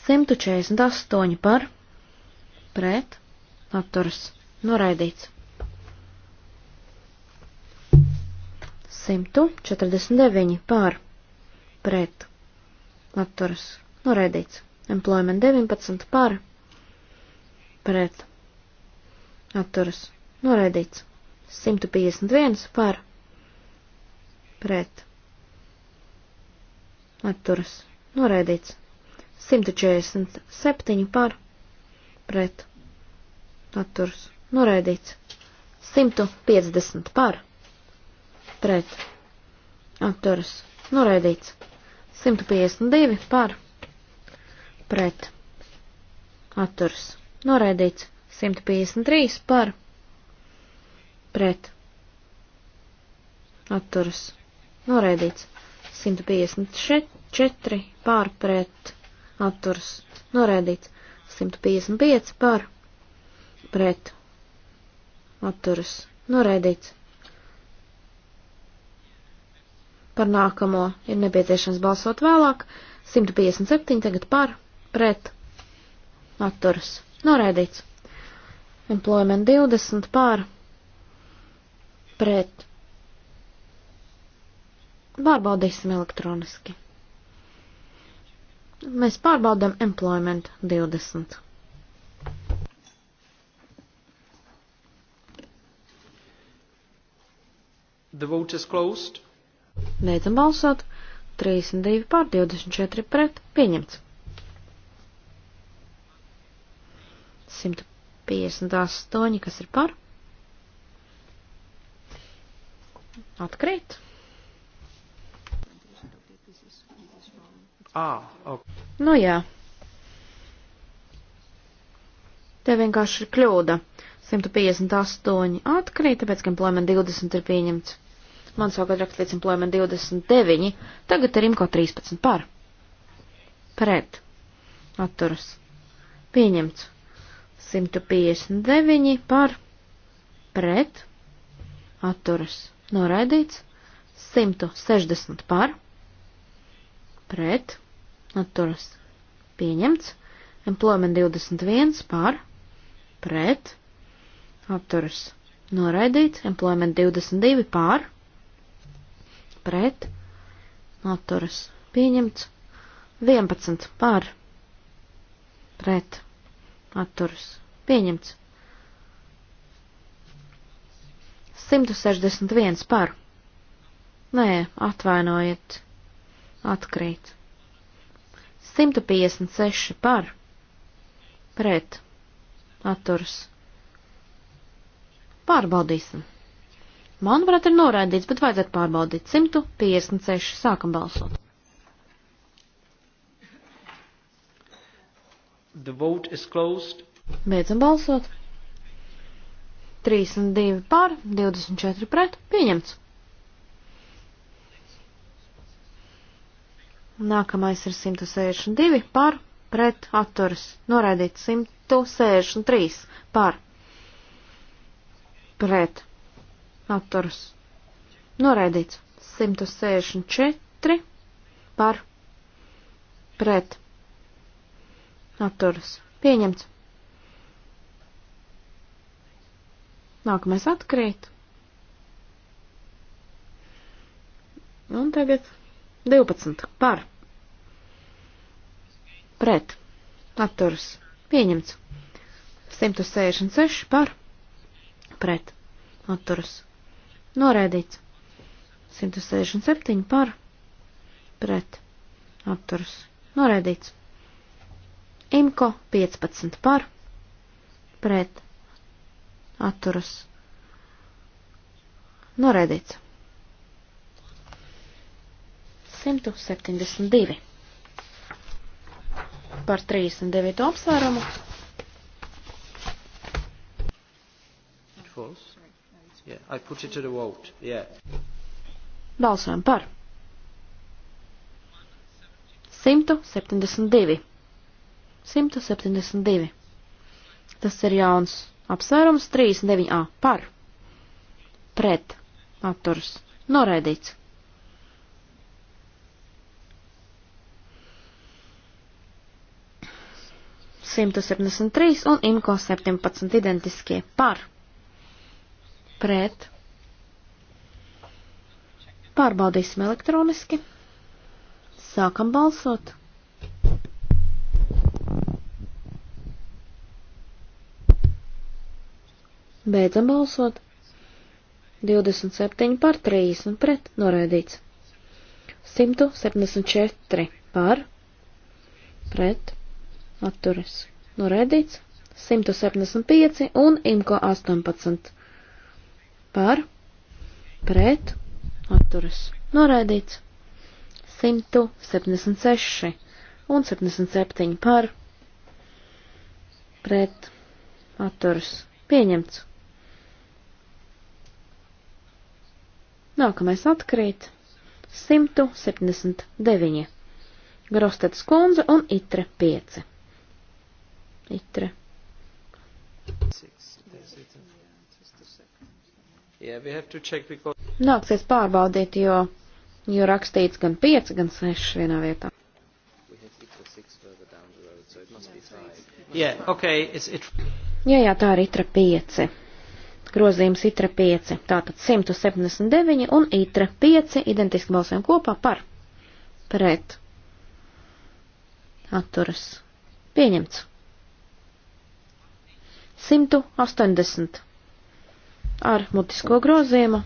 148 par, pret, atturas, noraidīts. 149 pār pret atturas noraidīts. Employment 19 pār pret atturas noraidīts. 151 pār pret atturas noraidīts. 147 pār pret atturas noraidīts. 150 pār pret pret atturas noraidīts. 152 par pret atturas noraidīts. 153 par pret atturas noraidīts. 154 par pret atturas noraidīts. 155 par pret atturas noraidīts. Par nākamo ir nepieciešams balsot vēlāk. 157 tagad par, pret, atturas. Noraidīts. Employment 20 par, pret. Pārbaudīsim elektroniski. Mēs pārbaudām employment 20. The vote is closed. Beidzam balsot. 32 pār 24 pret. Pieņemts. 158, kas ir par? Atkrīt. Ah, okay. Nu jā. Te vienkārši ir kļūda. 158 atkrīt, tāpēc, ka employment 20 ir pieņemts. Man savukārt rakstīts employment 29, tagad ir imko 13 par. Pret. Atturas. Pieņemts. 159 par. Pret. Atturas. Noraidīts. 160 par. Pret. Atturas. Pieņemts. Employment 21 par. Pret. Atturas. Noraidīts. Employment 22 par pret, atturas pieņemts, 11 par, pret, atturas pieņemts, 161 par, nē, atvainojiet, atkrīt, 156 par, pret, atturas, pārbaudīsim. Manuprāt, ir noraidīts, bet vajadzētu pārbaudīt. 156. Sākam balsot. The vote is closed. Beidzam balsot. 32 pār, 24 pret, pieņemts. Nākamais ir 162 pār, pret, atturas, noraidīts 163 pār, pret, atturas noraidīts. 164 par pret atturas pieņemts. Nākamais atkrīt. Un tagad 12 par pret atturas pieņemts. 166 par pret atturas Noraidīts. 167 par. Pret. Apturs. Noraidīts. Imko 15 par. Pret. Atturas. Noraidīts. 172 par 39 apsvērumu. False. Yeah, I put it to the vote. Yeah. Balsojam par. 172. 172. Tas ir jauns apsvērums 39a par. Pret. Atturs. Noraidīts. Simtu septiņdesmit trīs un imko septiņpadsmit identiskie par pret. Pārbaudīsim elektroniski. Sākam balsot. Beidzam balsot. 27 par 30 pret noraidīts. 174 par pret atturis noraidīts. 175 un imko 18 par, pret, atturas noraidīts. 176 un 77 par, pret, atturas pieņemts. Nākamais atkrīt 179. Grostets kundze un itre 5. Itre Yeah, because... Nāksies pārbaudīt, jo, jo rakstīts gan 5, gan 6 vienā vietā. Road, so yeah, okay, it... Jā, jā, tā ir itra 5. Grozījums itra 5, tātad 179 un itra 5 identiski balsojam kopā par pret atturas pieņemts. 180 ar mutisko grozījumu,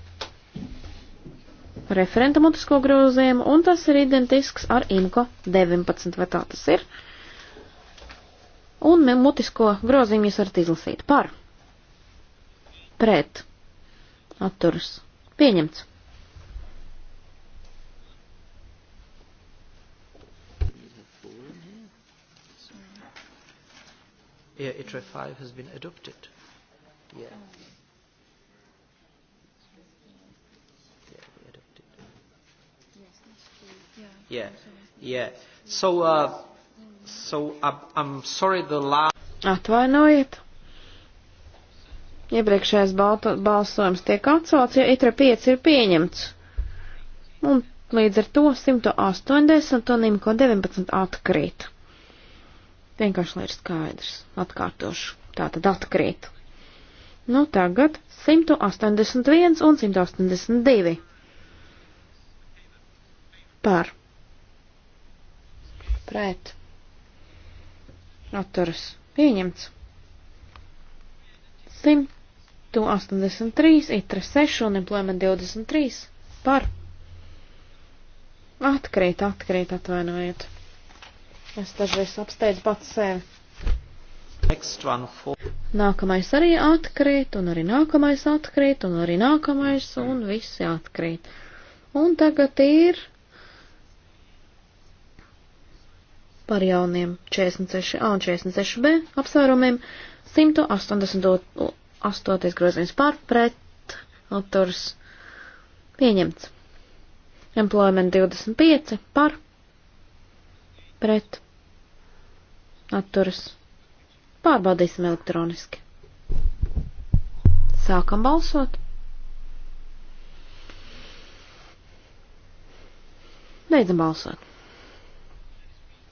referenta mutisko grozījumu, un tas ir identisks ar IMCO 19, vai tā tas ir. Un mutisko grozījumu jūs varat izlasīt par, pret, atturas, pieņemts. Yeah, ITRE 5 has been adopted. Yeah. Yeah, yeah. So, uh, so I'm, I'm sorry the last... Atvainojiet. Iepriekšējais balsojums tiek atcelts, jo itra 5 ir pieņemts. Un līdz ar to 180 un imko 19 atkrīt. Vienkārši, lai ir skaidrs, atkārtošu. Tā tad atkrīt. Nu tagad 181 un 182. Par pret, atturas pieņemts. 183, itra 6 un employment 23 par. Atkrīt, atkrīt, atvainojiet. Es dažreiz apsteidzu pats sevi. Nākamais arī atkrīt, un arī nākamais atkrīt, un arī nākamais, un visi atkrīt. Un tagad ir par jauniem 46a un 46b apsvērumiem, 188. grozījums par pret autors pieņemts. Employment 25 par pret atturas. Pārbaudīsim elektroniski. Sākam balsot. Beidzam balsot.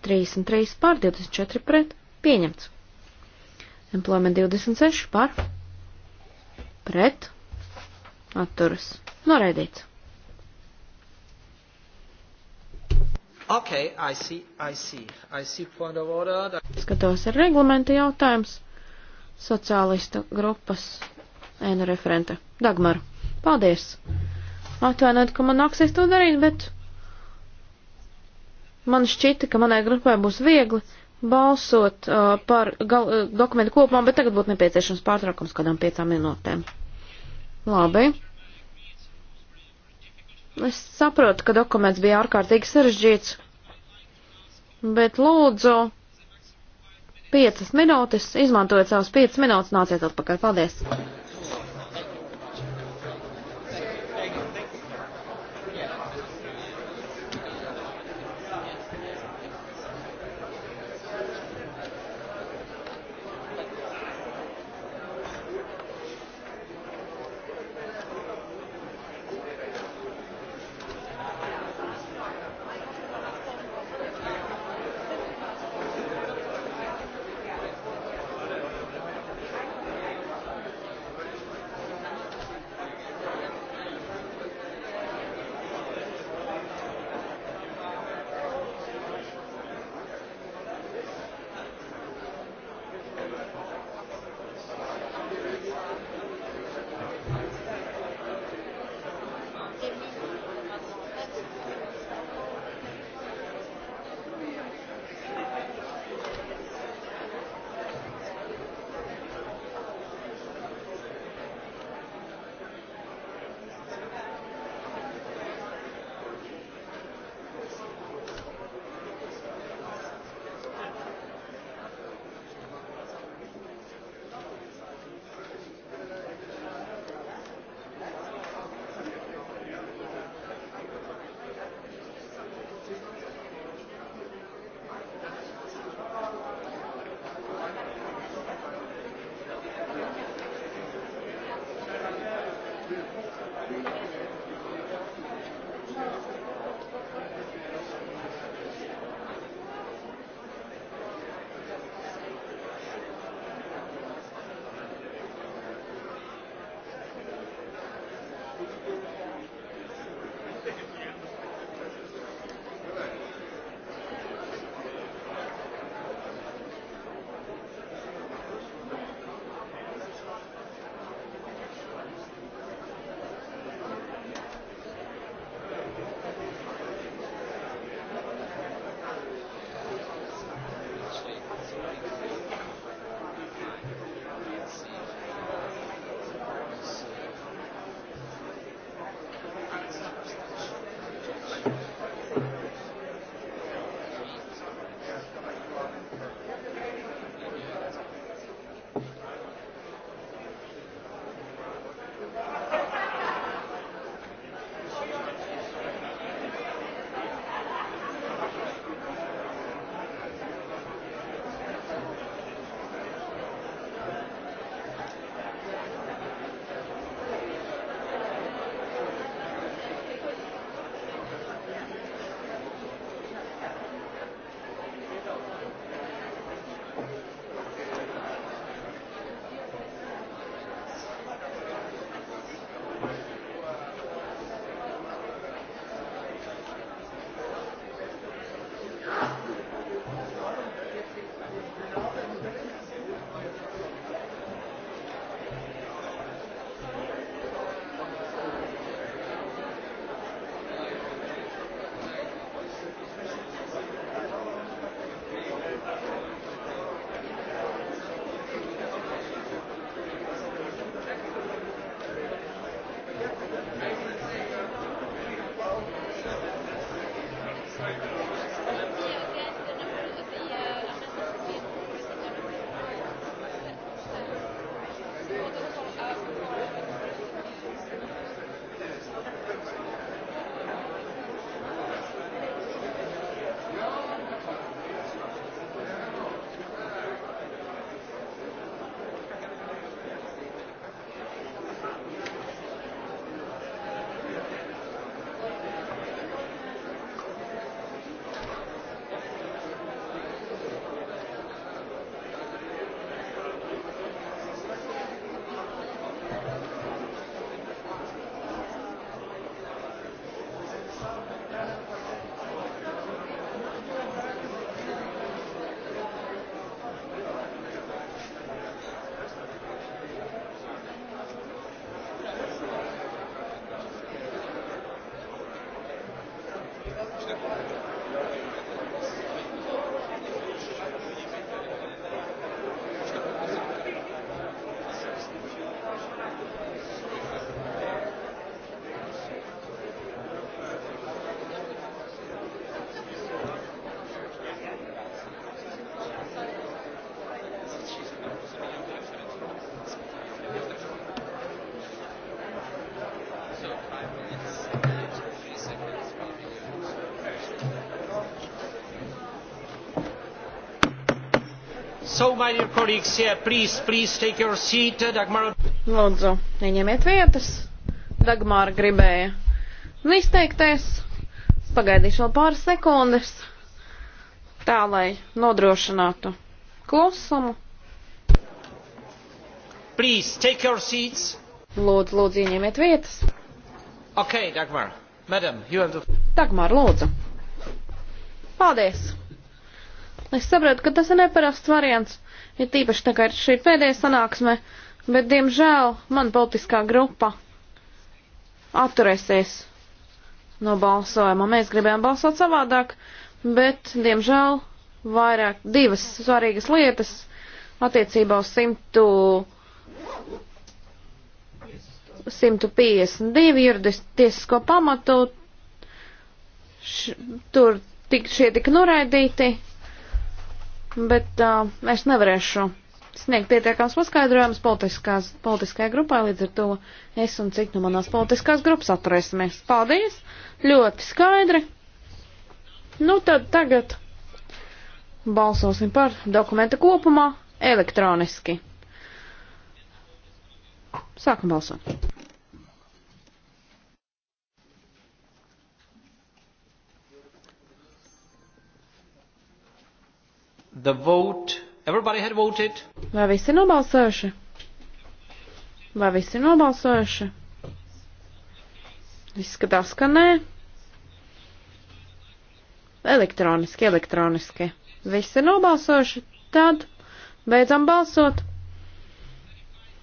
33 pār 24 pret pieņemts. Employment 26 pār pret atturas noraidīts. Okay, I see, I see, I see point of order. That... Skatos ir reglamenta jautājums. Sociālista grupas N referente Dagmar. Paldies! Atvainojiet, ka man nāksies to darīt, bet Man šķita, ka manai grupai būs viegli balsot uh, par gal, uh, dokumentu kopumā, bet tagad būtu nepieciešams pārtraukums kādām piecām minūtēm. Labi. Es saprotu, ka dokuments bija ārkārtīgi sarežģīts, bet lūdzu, piecas minūtes, izmantojiet savas piecas minūtes, nāciet atpakaļ. Paldies! So, my dear colleagues, yeah, please, please take your seat. Uh, Dagmar... Lūdzu, neņemiet vietas. Dagmāra gribēja izteikties. Pagaidīšu vēl pāris sekundes. Tā, lai nodrošinātu klusumu. Please, take your seats. Lūdzu, lūdzu, ieņemiet vietas. Ok, Dagmar. Madam, you have the... Dagmar, lūdzu. Paldies! Es saprotu, ka tas ir neparasts variants, ja tīpaši tā kā ir šī pēdējā sanāksme, bet, diemžēl, man politiskā grupa atturēsies no balsojuma. Mēs gribējām balsot savādāk, bet, diemžēl, vairāk divas svarīgas lietas attiecībā uz 100, 152 juridisko pamatu. Š, tur tik, šie tika noraidīti, bet uh, es nevarēšu sniegt pietiekams paskaidrojums politiskajai grupai, līdz ar to es un cik no manās politiskās grupas atturēsimies. Paldies! Ļoti skaidri! Nu tad tagad balsosim par dokumenta kopumā elektroniski. Sākam balsot! The vote. Everybody had voted. Vai visi ir nobalsojuši? Vai visi ir nobalsojuši? Izskatās, ka nē. Elektroniski, elektroniski. Visi ir nobalsojuši, tad beidzam balsot.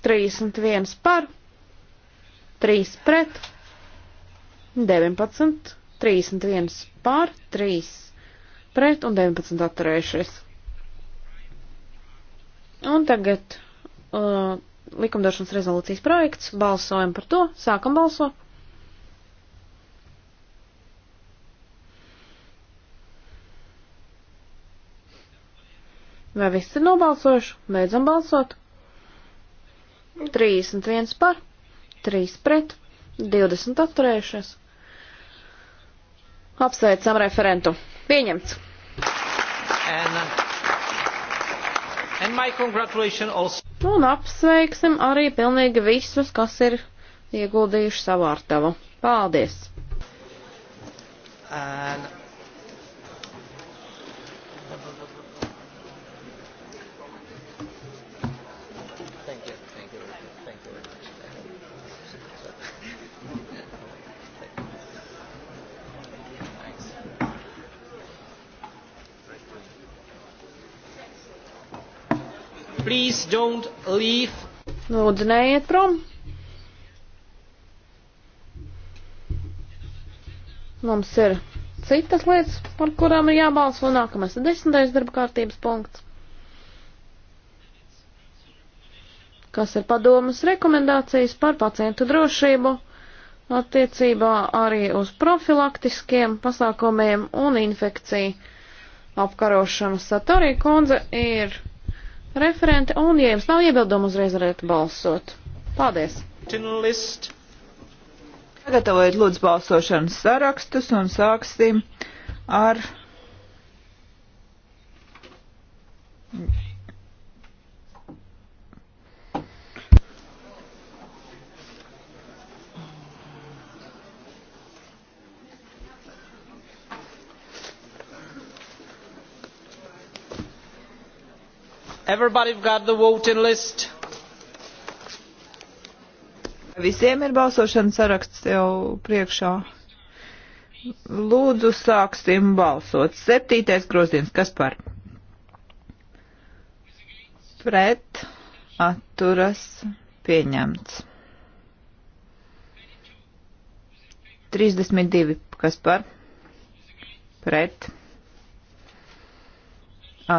31 par, 3 pret, 19, 31 par, 3 pret un 19 atturējušies. Un tagad uh, likumdošanas rezolūcijas projekts. Balsojam par to. Sākam balsot. Vai viss ir nobalsojuši? Beidzam balsot. 31 par, 3 pret, 20 atturējušies. Apsveicam referentu. Pieņemts. And, uh... Nu, un apsveiksim arī pilnīgi visus, kas ir ieguldījuši savu ārtavu. Paldies! And... Please don't leave. Lūdzu, neiet prom. Mums ir citas lietas, par kurām ir jābalso. Nākamais ir desmitais darba kārtības punkts. Kas ir padomas rekomendācijas par pacientu drošību attiecībā arī uz profilaktiskiem pasākumiem un infekciju apkarošanas. Satorija kundze ir referente, un, ja jums nav iebildumu, uzreiz varat balsot. Paldies! Sagatavojiet lūdzu balsošanas sarakstus un sāksim ar Everybody got the voting list? Visiem ir balsošanas saraksts jau priekšā. Lūdzu, sāksim balsot. Septītais grozījums. Kas par? Pret. Atturas. Pieņemts. 32. Kas par? Pret.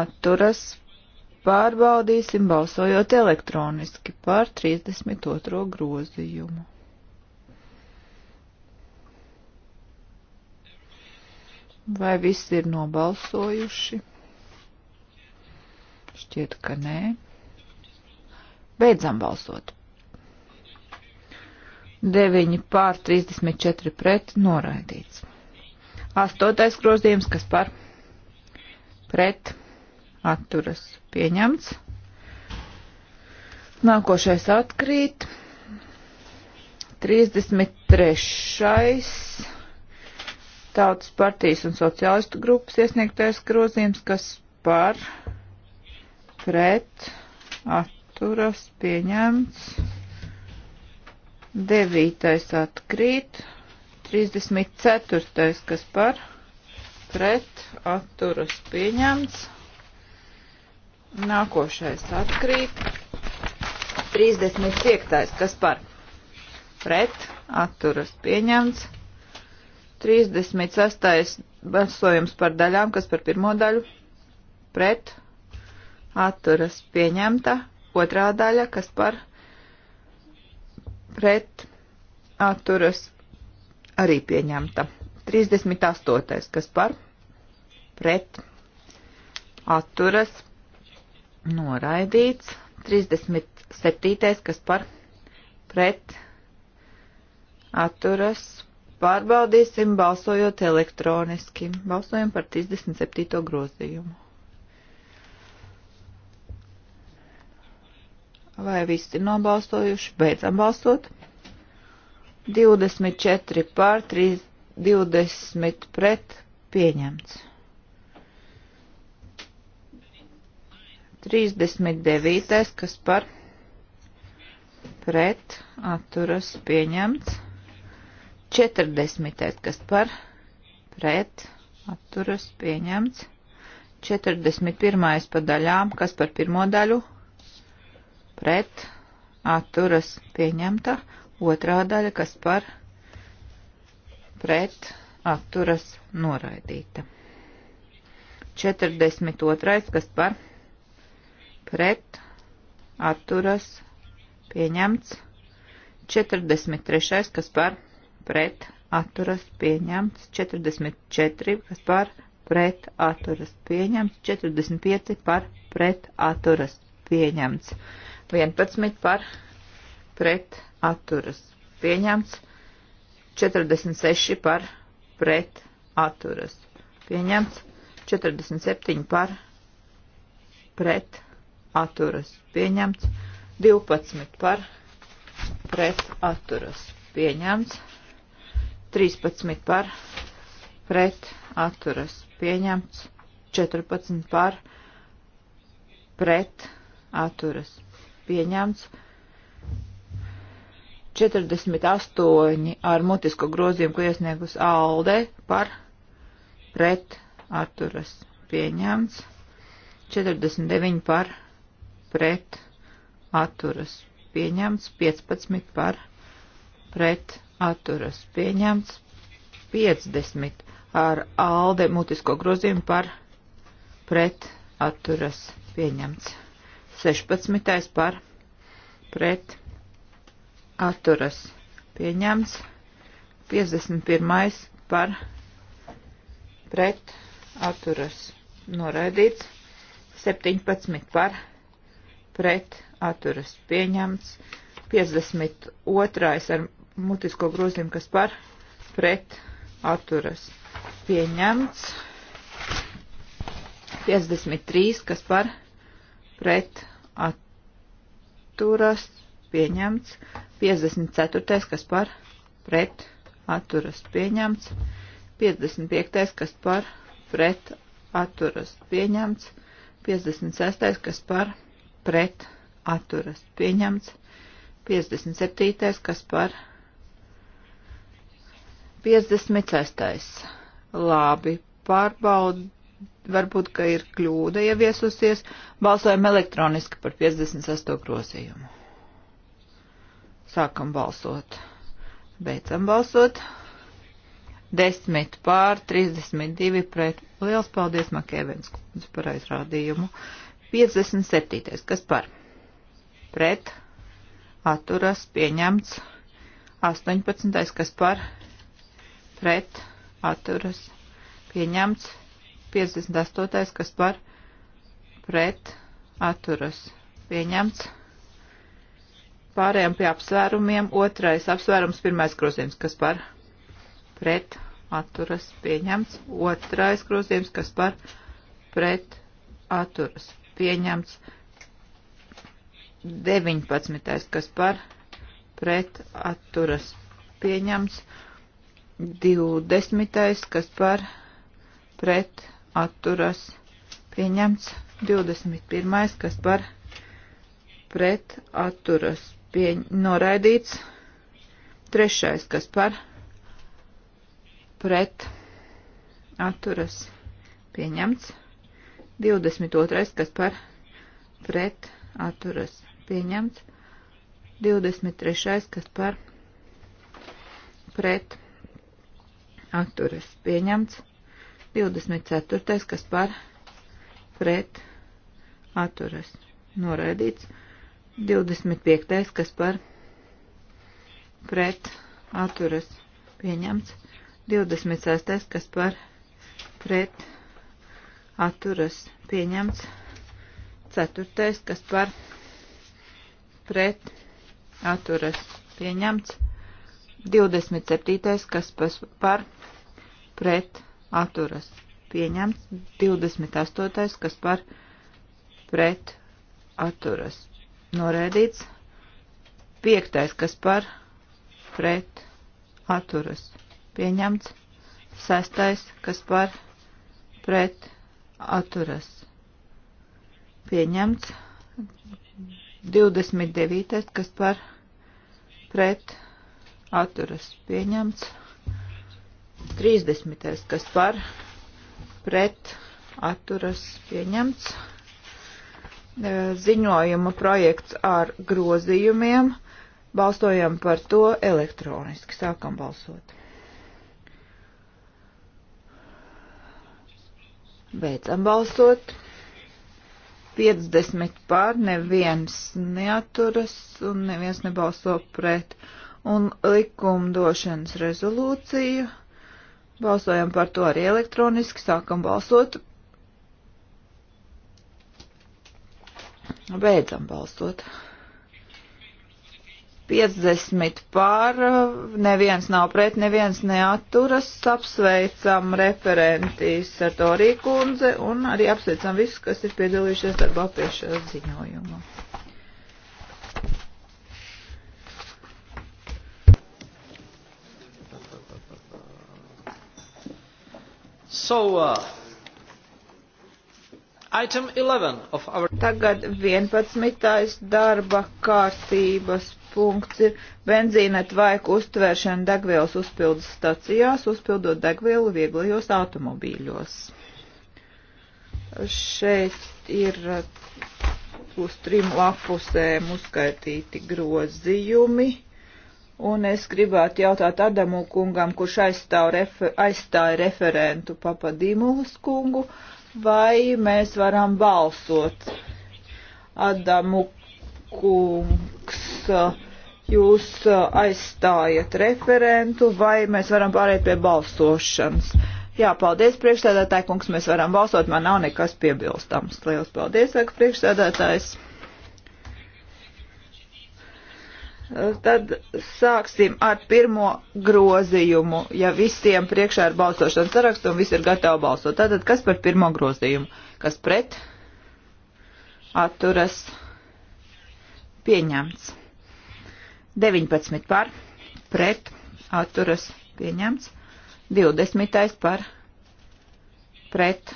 Atturas. Pārbaudīsim balsojot elektroniski par 32. grozījumu. Vai visi ir nobalsojuši? Šķiet, ka nē. Beidzam balsot. 9 pār 34 pret noraidīts. Astotais grozījums, kas par pret atturas pieņemts. Nākošais atkrīt. 33. Tautas partijas un sociālistu grupas iesniegtais grozījums, kas par pret atturas pieņemts. 9. atkrīt. 34. kas par pret atturas pieņemts. Nākošais atkrīt. 35. kas par pret atturas pieņemts. 36. balsojums par daļām, kas par pirmo daļu pret atturas pieņemta. Otrā daļa, kas par pret atturas arī pieņemta. 38. kas par pret atturas pieņemta noraidīts. 37. kas par pret atturas pārbaudīsim balsojot elektroniski. Balsojam par 37. grozījumu. Vai visi ir nobalsojuši? Beidzam balsot. 24 pār 3, 20 pret pieņemts. 39. kas par pret atturas pieņemts. 40. kas par pret atturas pieņemts. 41. pa daļām, kas par pirmo daļu pret atturas pieņemta. Otrā daļa, kas par pret atturas noraidīta. 42. kas par pret pret, atturas, pieņemts. 43. kas par pret, atturas, pieņemts. 44. kas par pret, atturas, pieņemts. 45. par pret, atturas, pieņemts. 11. par pret, atturas, pieņemts. 46 par pret atturas. Pieņemts 47 par pret atturas pieņemts, 12 par pret atturas pieņemts, 13 par pret atturas pieņemts, 14 par pret atturas pieņemts, 48 ar mutisko grozījumu, ko iesniegus Alde par pret atturas pieņemts, 49 par pret atturas pieņemts, 15 par pret atturas pieņemts, 50 ar alde mutisko grozījumu par pret atturas pieņemts, 16 par pret atturas pieņemts, 51 par pret atturas noraidīts, 17 par pret pret atturas pieņemts. 52. ar mutisko grozījumu, kas par pret atturas pieņemts. 53, kas par pret atturas pieņemts. 54, kas par pret atturas pieņemts. 55, kas par pret atturas pieņemts. 56, kas par pret atturas pieņemts. 57. kas par 56. Labi, pārbaud, varbūt, ka ir kļūda ieviesusies. Balsojam elektroniski par 58. grozījumu. Sākam balsot. Beidzam balsot. 10 pār 32 pret. Liels paldies Makēvens kundze par aizrādījumu. 57. Kas par? Pret. Atturas pieņemts. 18. Kas par? Pret. Atturas pieņemts. 58. Kas par? Pret. Atturas pieņemts. Pārējām pie apsvērumiem. Otrais apsvērums, pirmais grozījums. Kas par? Pret. Atturas pieņemts. Otrais grozījums. Kas par? Pret. Atturas pieņemts 19. kas par pret atturas pieņemts 20. kas par pret atturas pieņemts 21. kas par pret atturas pieņ noraidīts 3. kas par pret atturas pieņemts 22. kas par pret atturas pieņemts. 23. kas par pret atturas pieņemts. 24. kas par pret atturas noraidīts. 25. kas par pret atturas pieņemts. 26. kas par pret atturas atturas pieņemts. Ceturtais, kas par pret atturas pieņemts. 27. kas par pret atturas pieņemts. 28. kas par pret atturas norēdīts. 5. kas par pret atturas pieņemts. 6. kas par pret atturas atturas pieņemts. 29. kas par pret atturas pieņemts. 30. kas par pret atturas pieņemts. E, ziņojuma projekts ar grozījumiem. Balstojam par to elektroniski. Sākam balsot. Beidzam balsot. 50 pār, neviens neaturas un neviens nebalso pret. Un likumdošanas rezolūcija. Balsojam par to arī elektroniski, sākam balsot. Beidzam balsot. 50 pār, neviens nav pret, neviens neaturas, apsveicam referentīs ar to rīkundze un arī apsveicam visus, kas ir piedalījušies darbā pie šā ziņojuma. So, uh, Our... Tagad 11. darba kārtības punkts ir benzīna tvaiku uztvēršana degvielas uzpildes stacijās, uzpildot degvielu vieglajos automobīļos. Šeit ir eh, uz trim lapusēm uzskaitīti grozījumi. Un es gribētu jautāt Adamu kungam, kurš aizstāv refer, aizstāja referentu papadīmulas kungu, uh, vai mēs varam balsot. Adamu kungs, jūs aizstājat referentu, vai mēs varam pārēt pie balsošanas? Jā, paldies priekšsēdētāji, kungs, mēs varam balsot, man nav nekas piebilstams. Lielas paldies, saka priekšsēdētājs. Eh, tad sāksim ar pirmo grozījumu. Ja visiem priekšā ir balsošanas saraksts un viss ir gatavi balsot, tātad kas par pirmo grozījumu? Kas pret? Atturas. Pieņemts. 19 par. Pret. Atturas. Pieņemts. 20 par. Pret.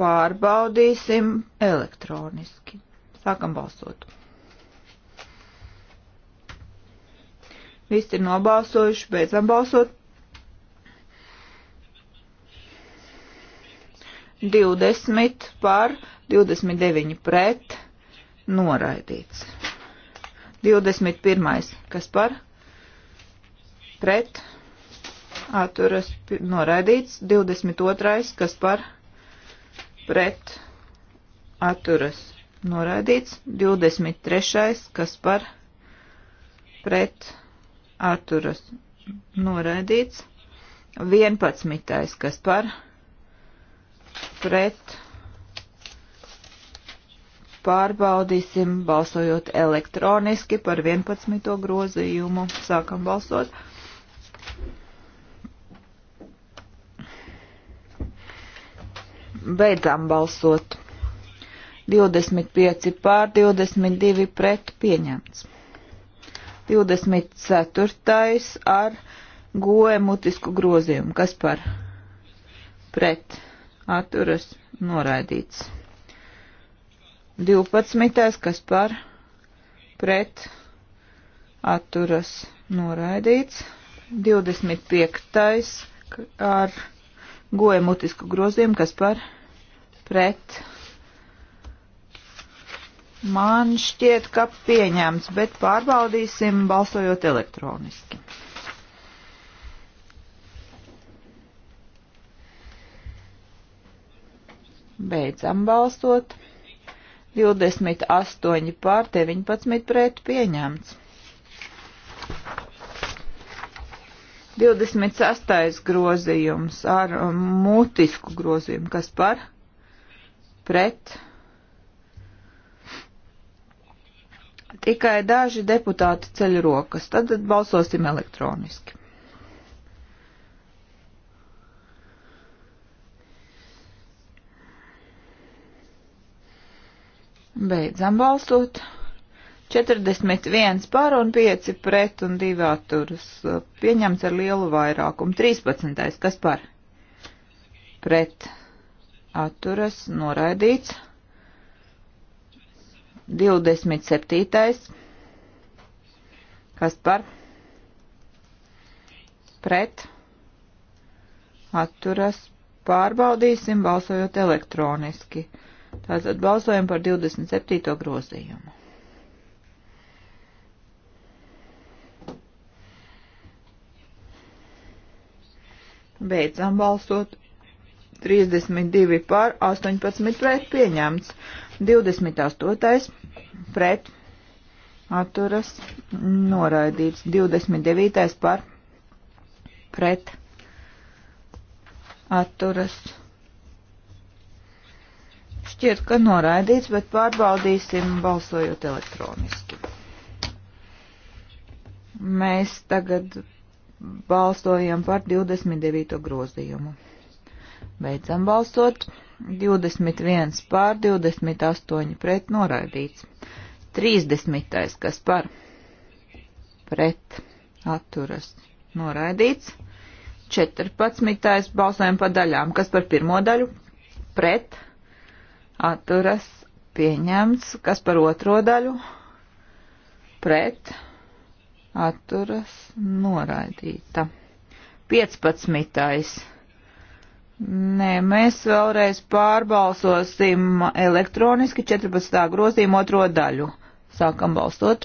Pārbaudīsim elektroniski. Sākam balsot. Visi ir nobalsojuši, beidzam balsot. 20 par, 29 pret, noraidīts. 21. kas par? Pret, atturas, noraidīts. 22. kas par? Pret, atturas, noraidīts. 23. kas par? Pret, atturas noraidīts. 11. kas par pret pārbaudīsim balsojot elektroniski par 11. grozījumu. Sākam balsot. Beidzām balsot. 25 pār 22 pret pieņemts. 24. ar goe mutisku grozījumu, kas par pret atturas noraidīts. 12. kas par pret atturas noraidīts. 25. ar goe mutisku grozījumu, kas par pret Man šķiet, ka pieņemts, bet pārbaudīsim balsojot elektroniski. Beidzam balsot. 28 pār 19 pret pieņemts. 26. grozījums ar mutisku grozījumu, kas par pret Tikai daži deputāti ceļ rokas, tad balsosim elektroniski. Beidzam balsot. 41 par un 5 pret un 2 atturas. Pieņemts ar lielu vairākumu. 13. Kas par? Pret. Atturas. Noraidīts. 27. Kas par? Pret. Atturas. Pārbaudīsim balsojot elektroniski. Tātad balsojam par 27. grozījumu. Beidzam balsot. 32 pār 18 pret pieņemts. 28. pret atturas noraidīts. 29. par pret atturas. Šķiet, ka noraidīts, bet pārbaudīsim balsojot elektroniski. Mēs tagad balsojam par 29. grozījumu. Beidzam balsot. 21 pār 28 pret noraidīts. 30. kas par pret atturas noraidīts. 14. balsojam pa daļām, kas par pirmo daļu pret atturas pieņemts, kas par otro daļu pret atturas noraidīta. 15. Nē, mēs vēlreiz pārbalsosim elektroniski 14. grozījumu otro daļu. Sākam balsot.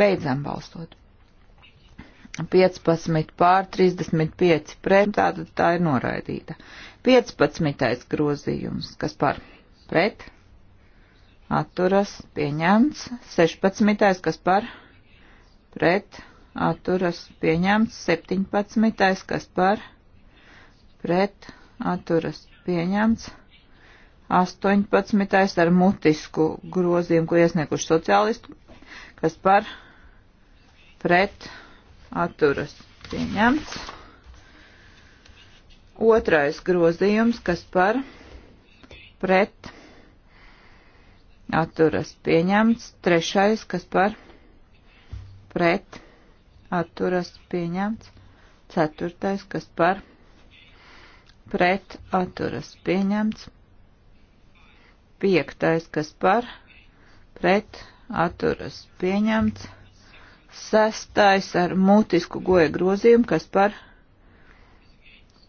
Beidzam balsot. 15 pār 35 pret, tātad tā ir noraidīta. 15. grozījums, kas par pret, atturas, pieņemts. 16. kas par pret, atturas atturas pieņemts 17. kas par pret atturas pieņemts 18. ar mutisku grozījumu, ko iesnieguši sociālistu, kas par pret atturas pieņemts. Otrais grozījums, kas par pret atturas pieņemts. Trešais, kas par pret atturas pieņemts atturas pieņemts. Ceturtais, kas par pret atturas pieņemts. Piektais, kas par pret atturas pieņemts. Sestais ar mutisku goja grozījumu, kas par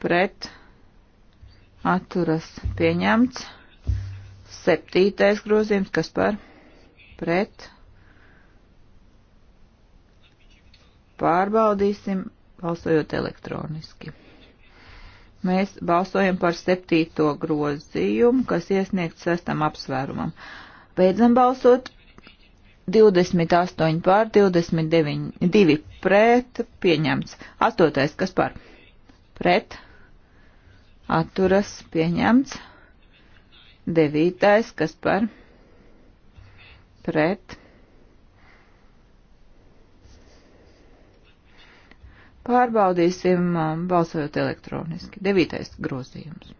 pret atturas pieņemts. Septītais grozījums, kas par pret Pārbaudīsim, balsojot elektroniski. Mēs balsojam par septīto grozījumu, kas iesniegts sestam apsvērumam. Beidzam balsot 28 pār 29, 2 pret, pieņemts. Astotais, kas par? Pret, atturas, pieņemts. Devītais, kas par? Pret Pārbaudīsim um, balsojot elektroniski. Devītais grozījums.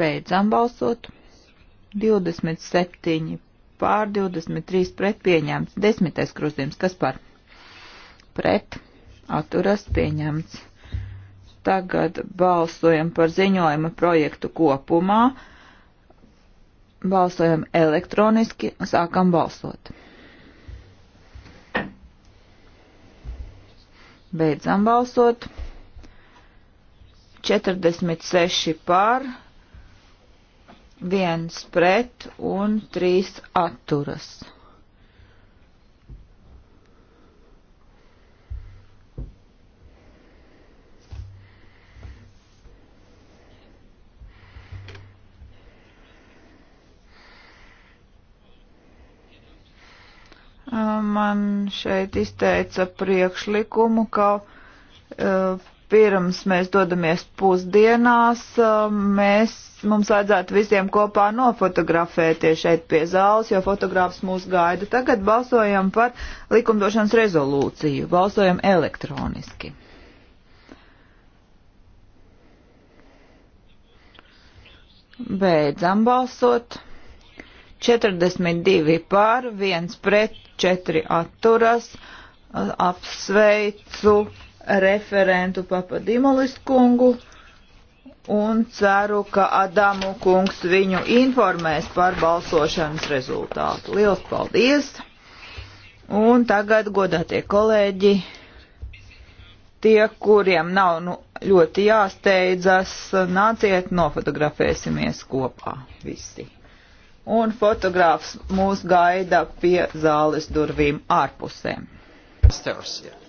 Beidzam balsot. 27 pār 23 pret pieņemts. Desmitais grozījums. Kas par? Pret. Atturas pieņemts. Tagad balsojam par ziņojuma projektu kopumā. Balsojam elektroniski. Sākam balsot. Beidzam balsot. 46 pār, 1 pret un 3 atturas. man šeit izteica priekšlikumu, ka e, pirms mēs dodamies pusdienās, e, mēs, mums vajadzētu visiem kopā nofotografēties šeit pie zāles, jo fotogrāfs mūs gaida. Tagad balsojam par likumdošanas rezolūciju, balsojam elektroniski. Beidzam balsot. 42 pār, 1 pret, 4 atturas. Apsveicu referentu Papadimulis kungu un ceru, ka Adamu kungs viņu informēs par balsošanas rezultātu. Lielas paldies! Un tagad, godātie kolēģi, tie, kuriem nav nu, ļoti jāsteidzas, nāciet, nofotografēsimies kopā visi un fotogrāfs mūs gaida pie zāles durvīm ārpusē. Stairs, yeah.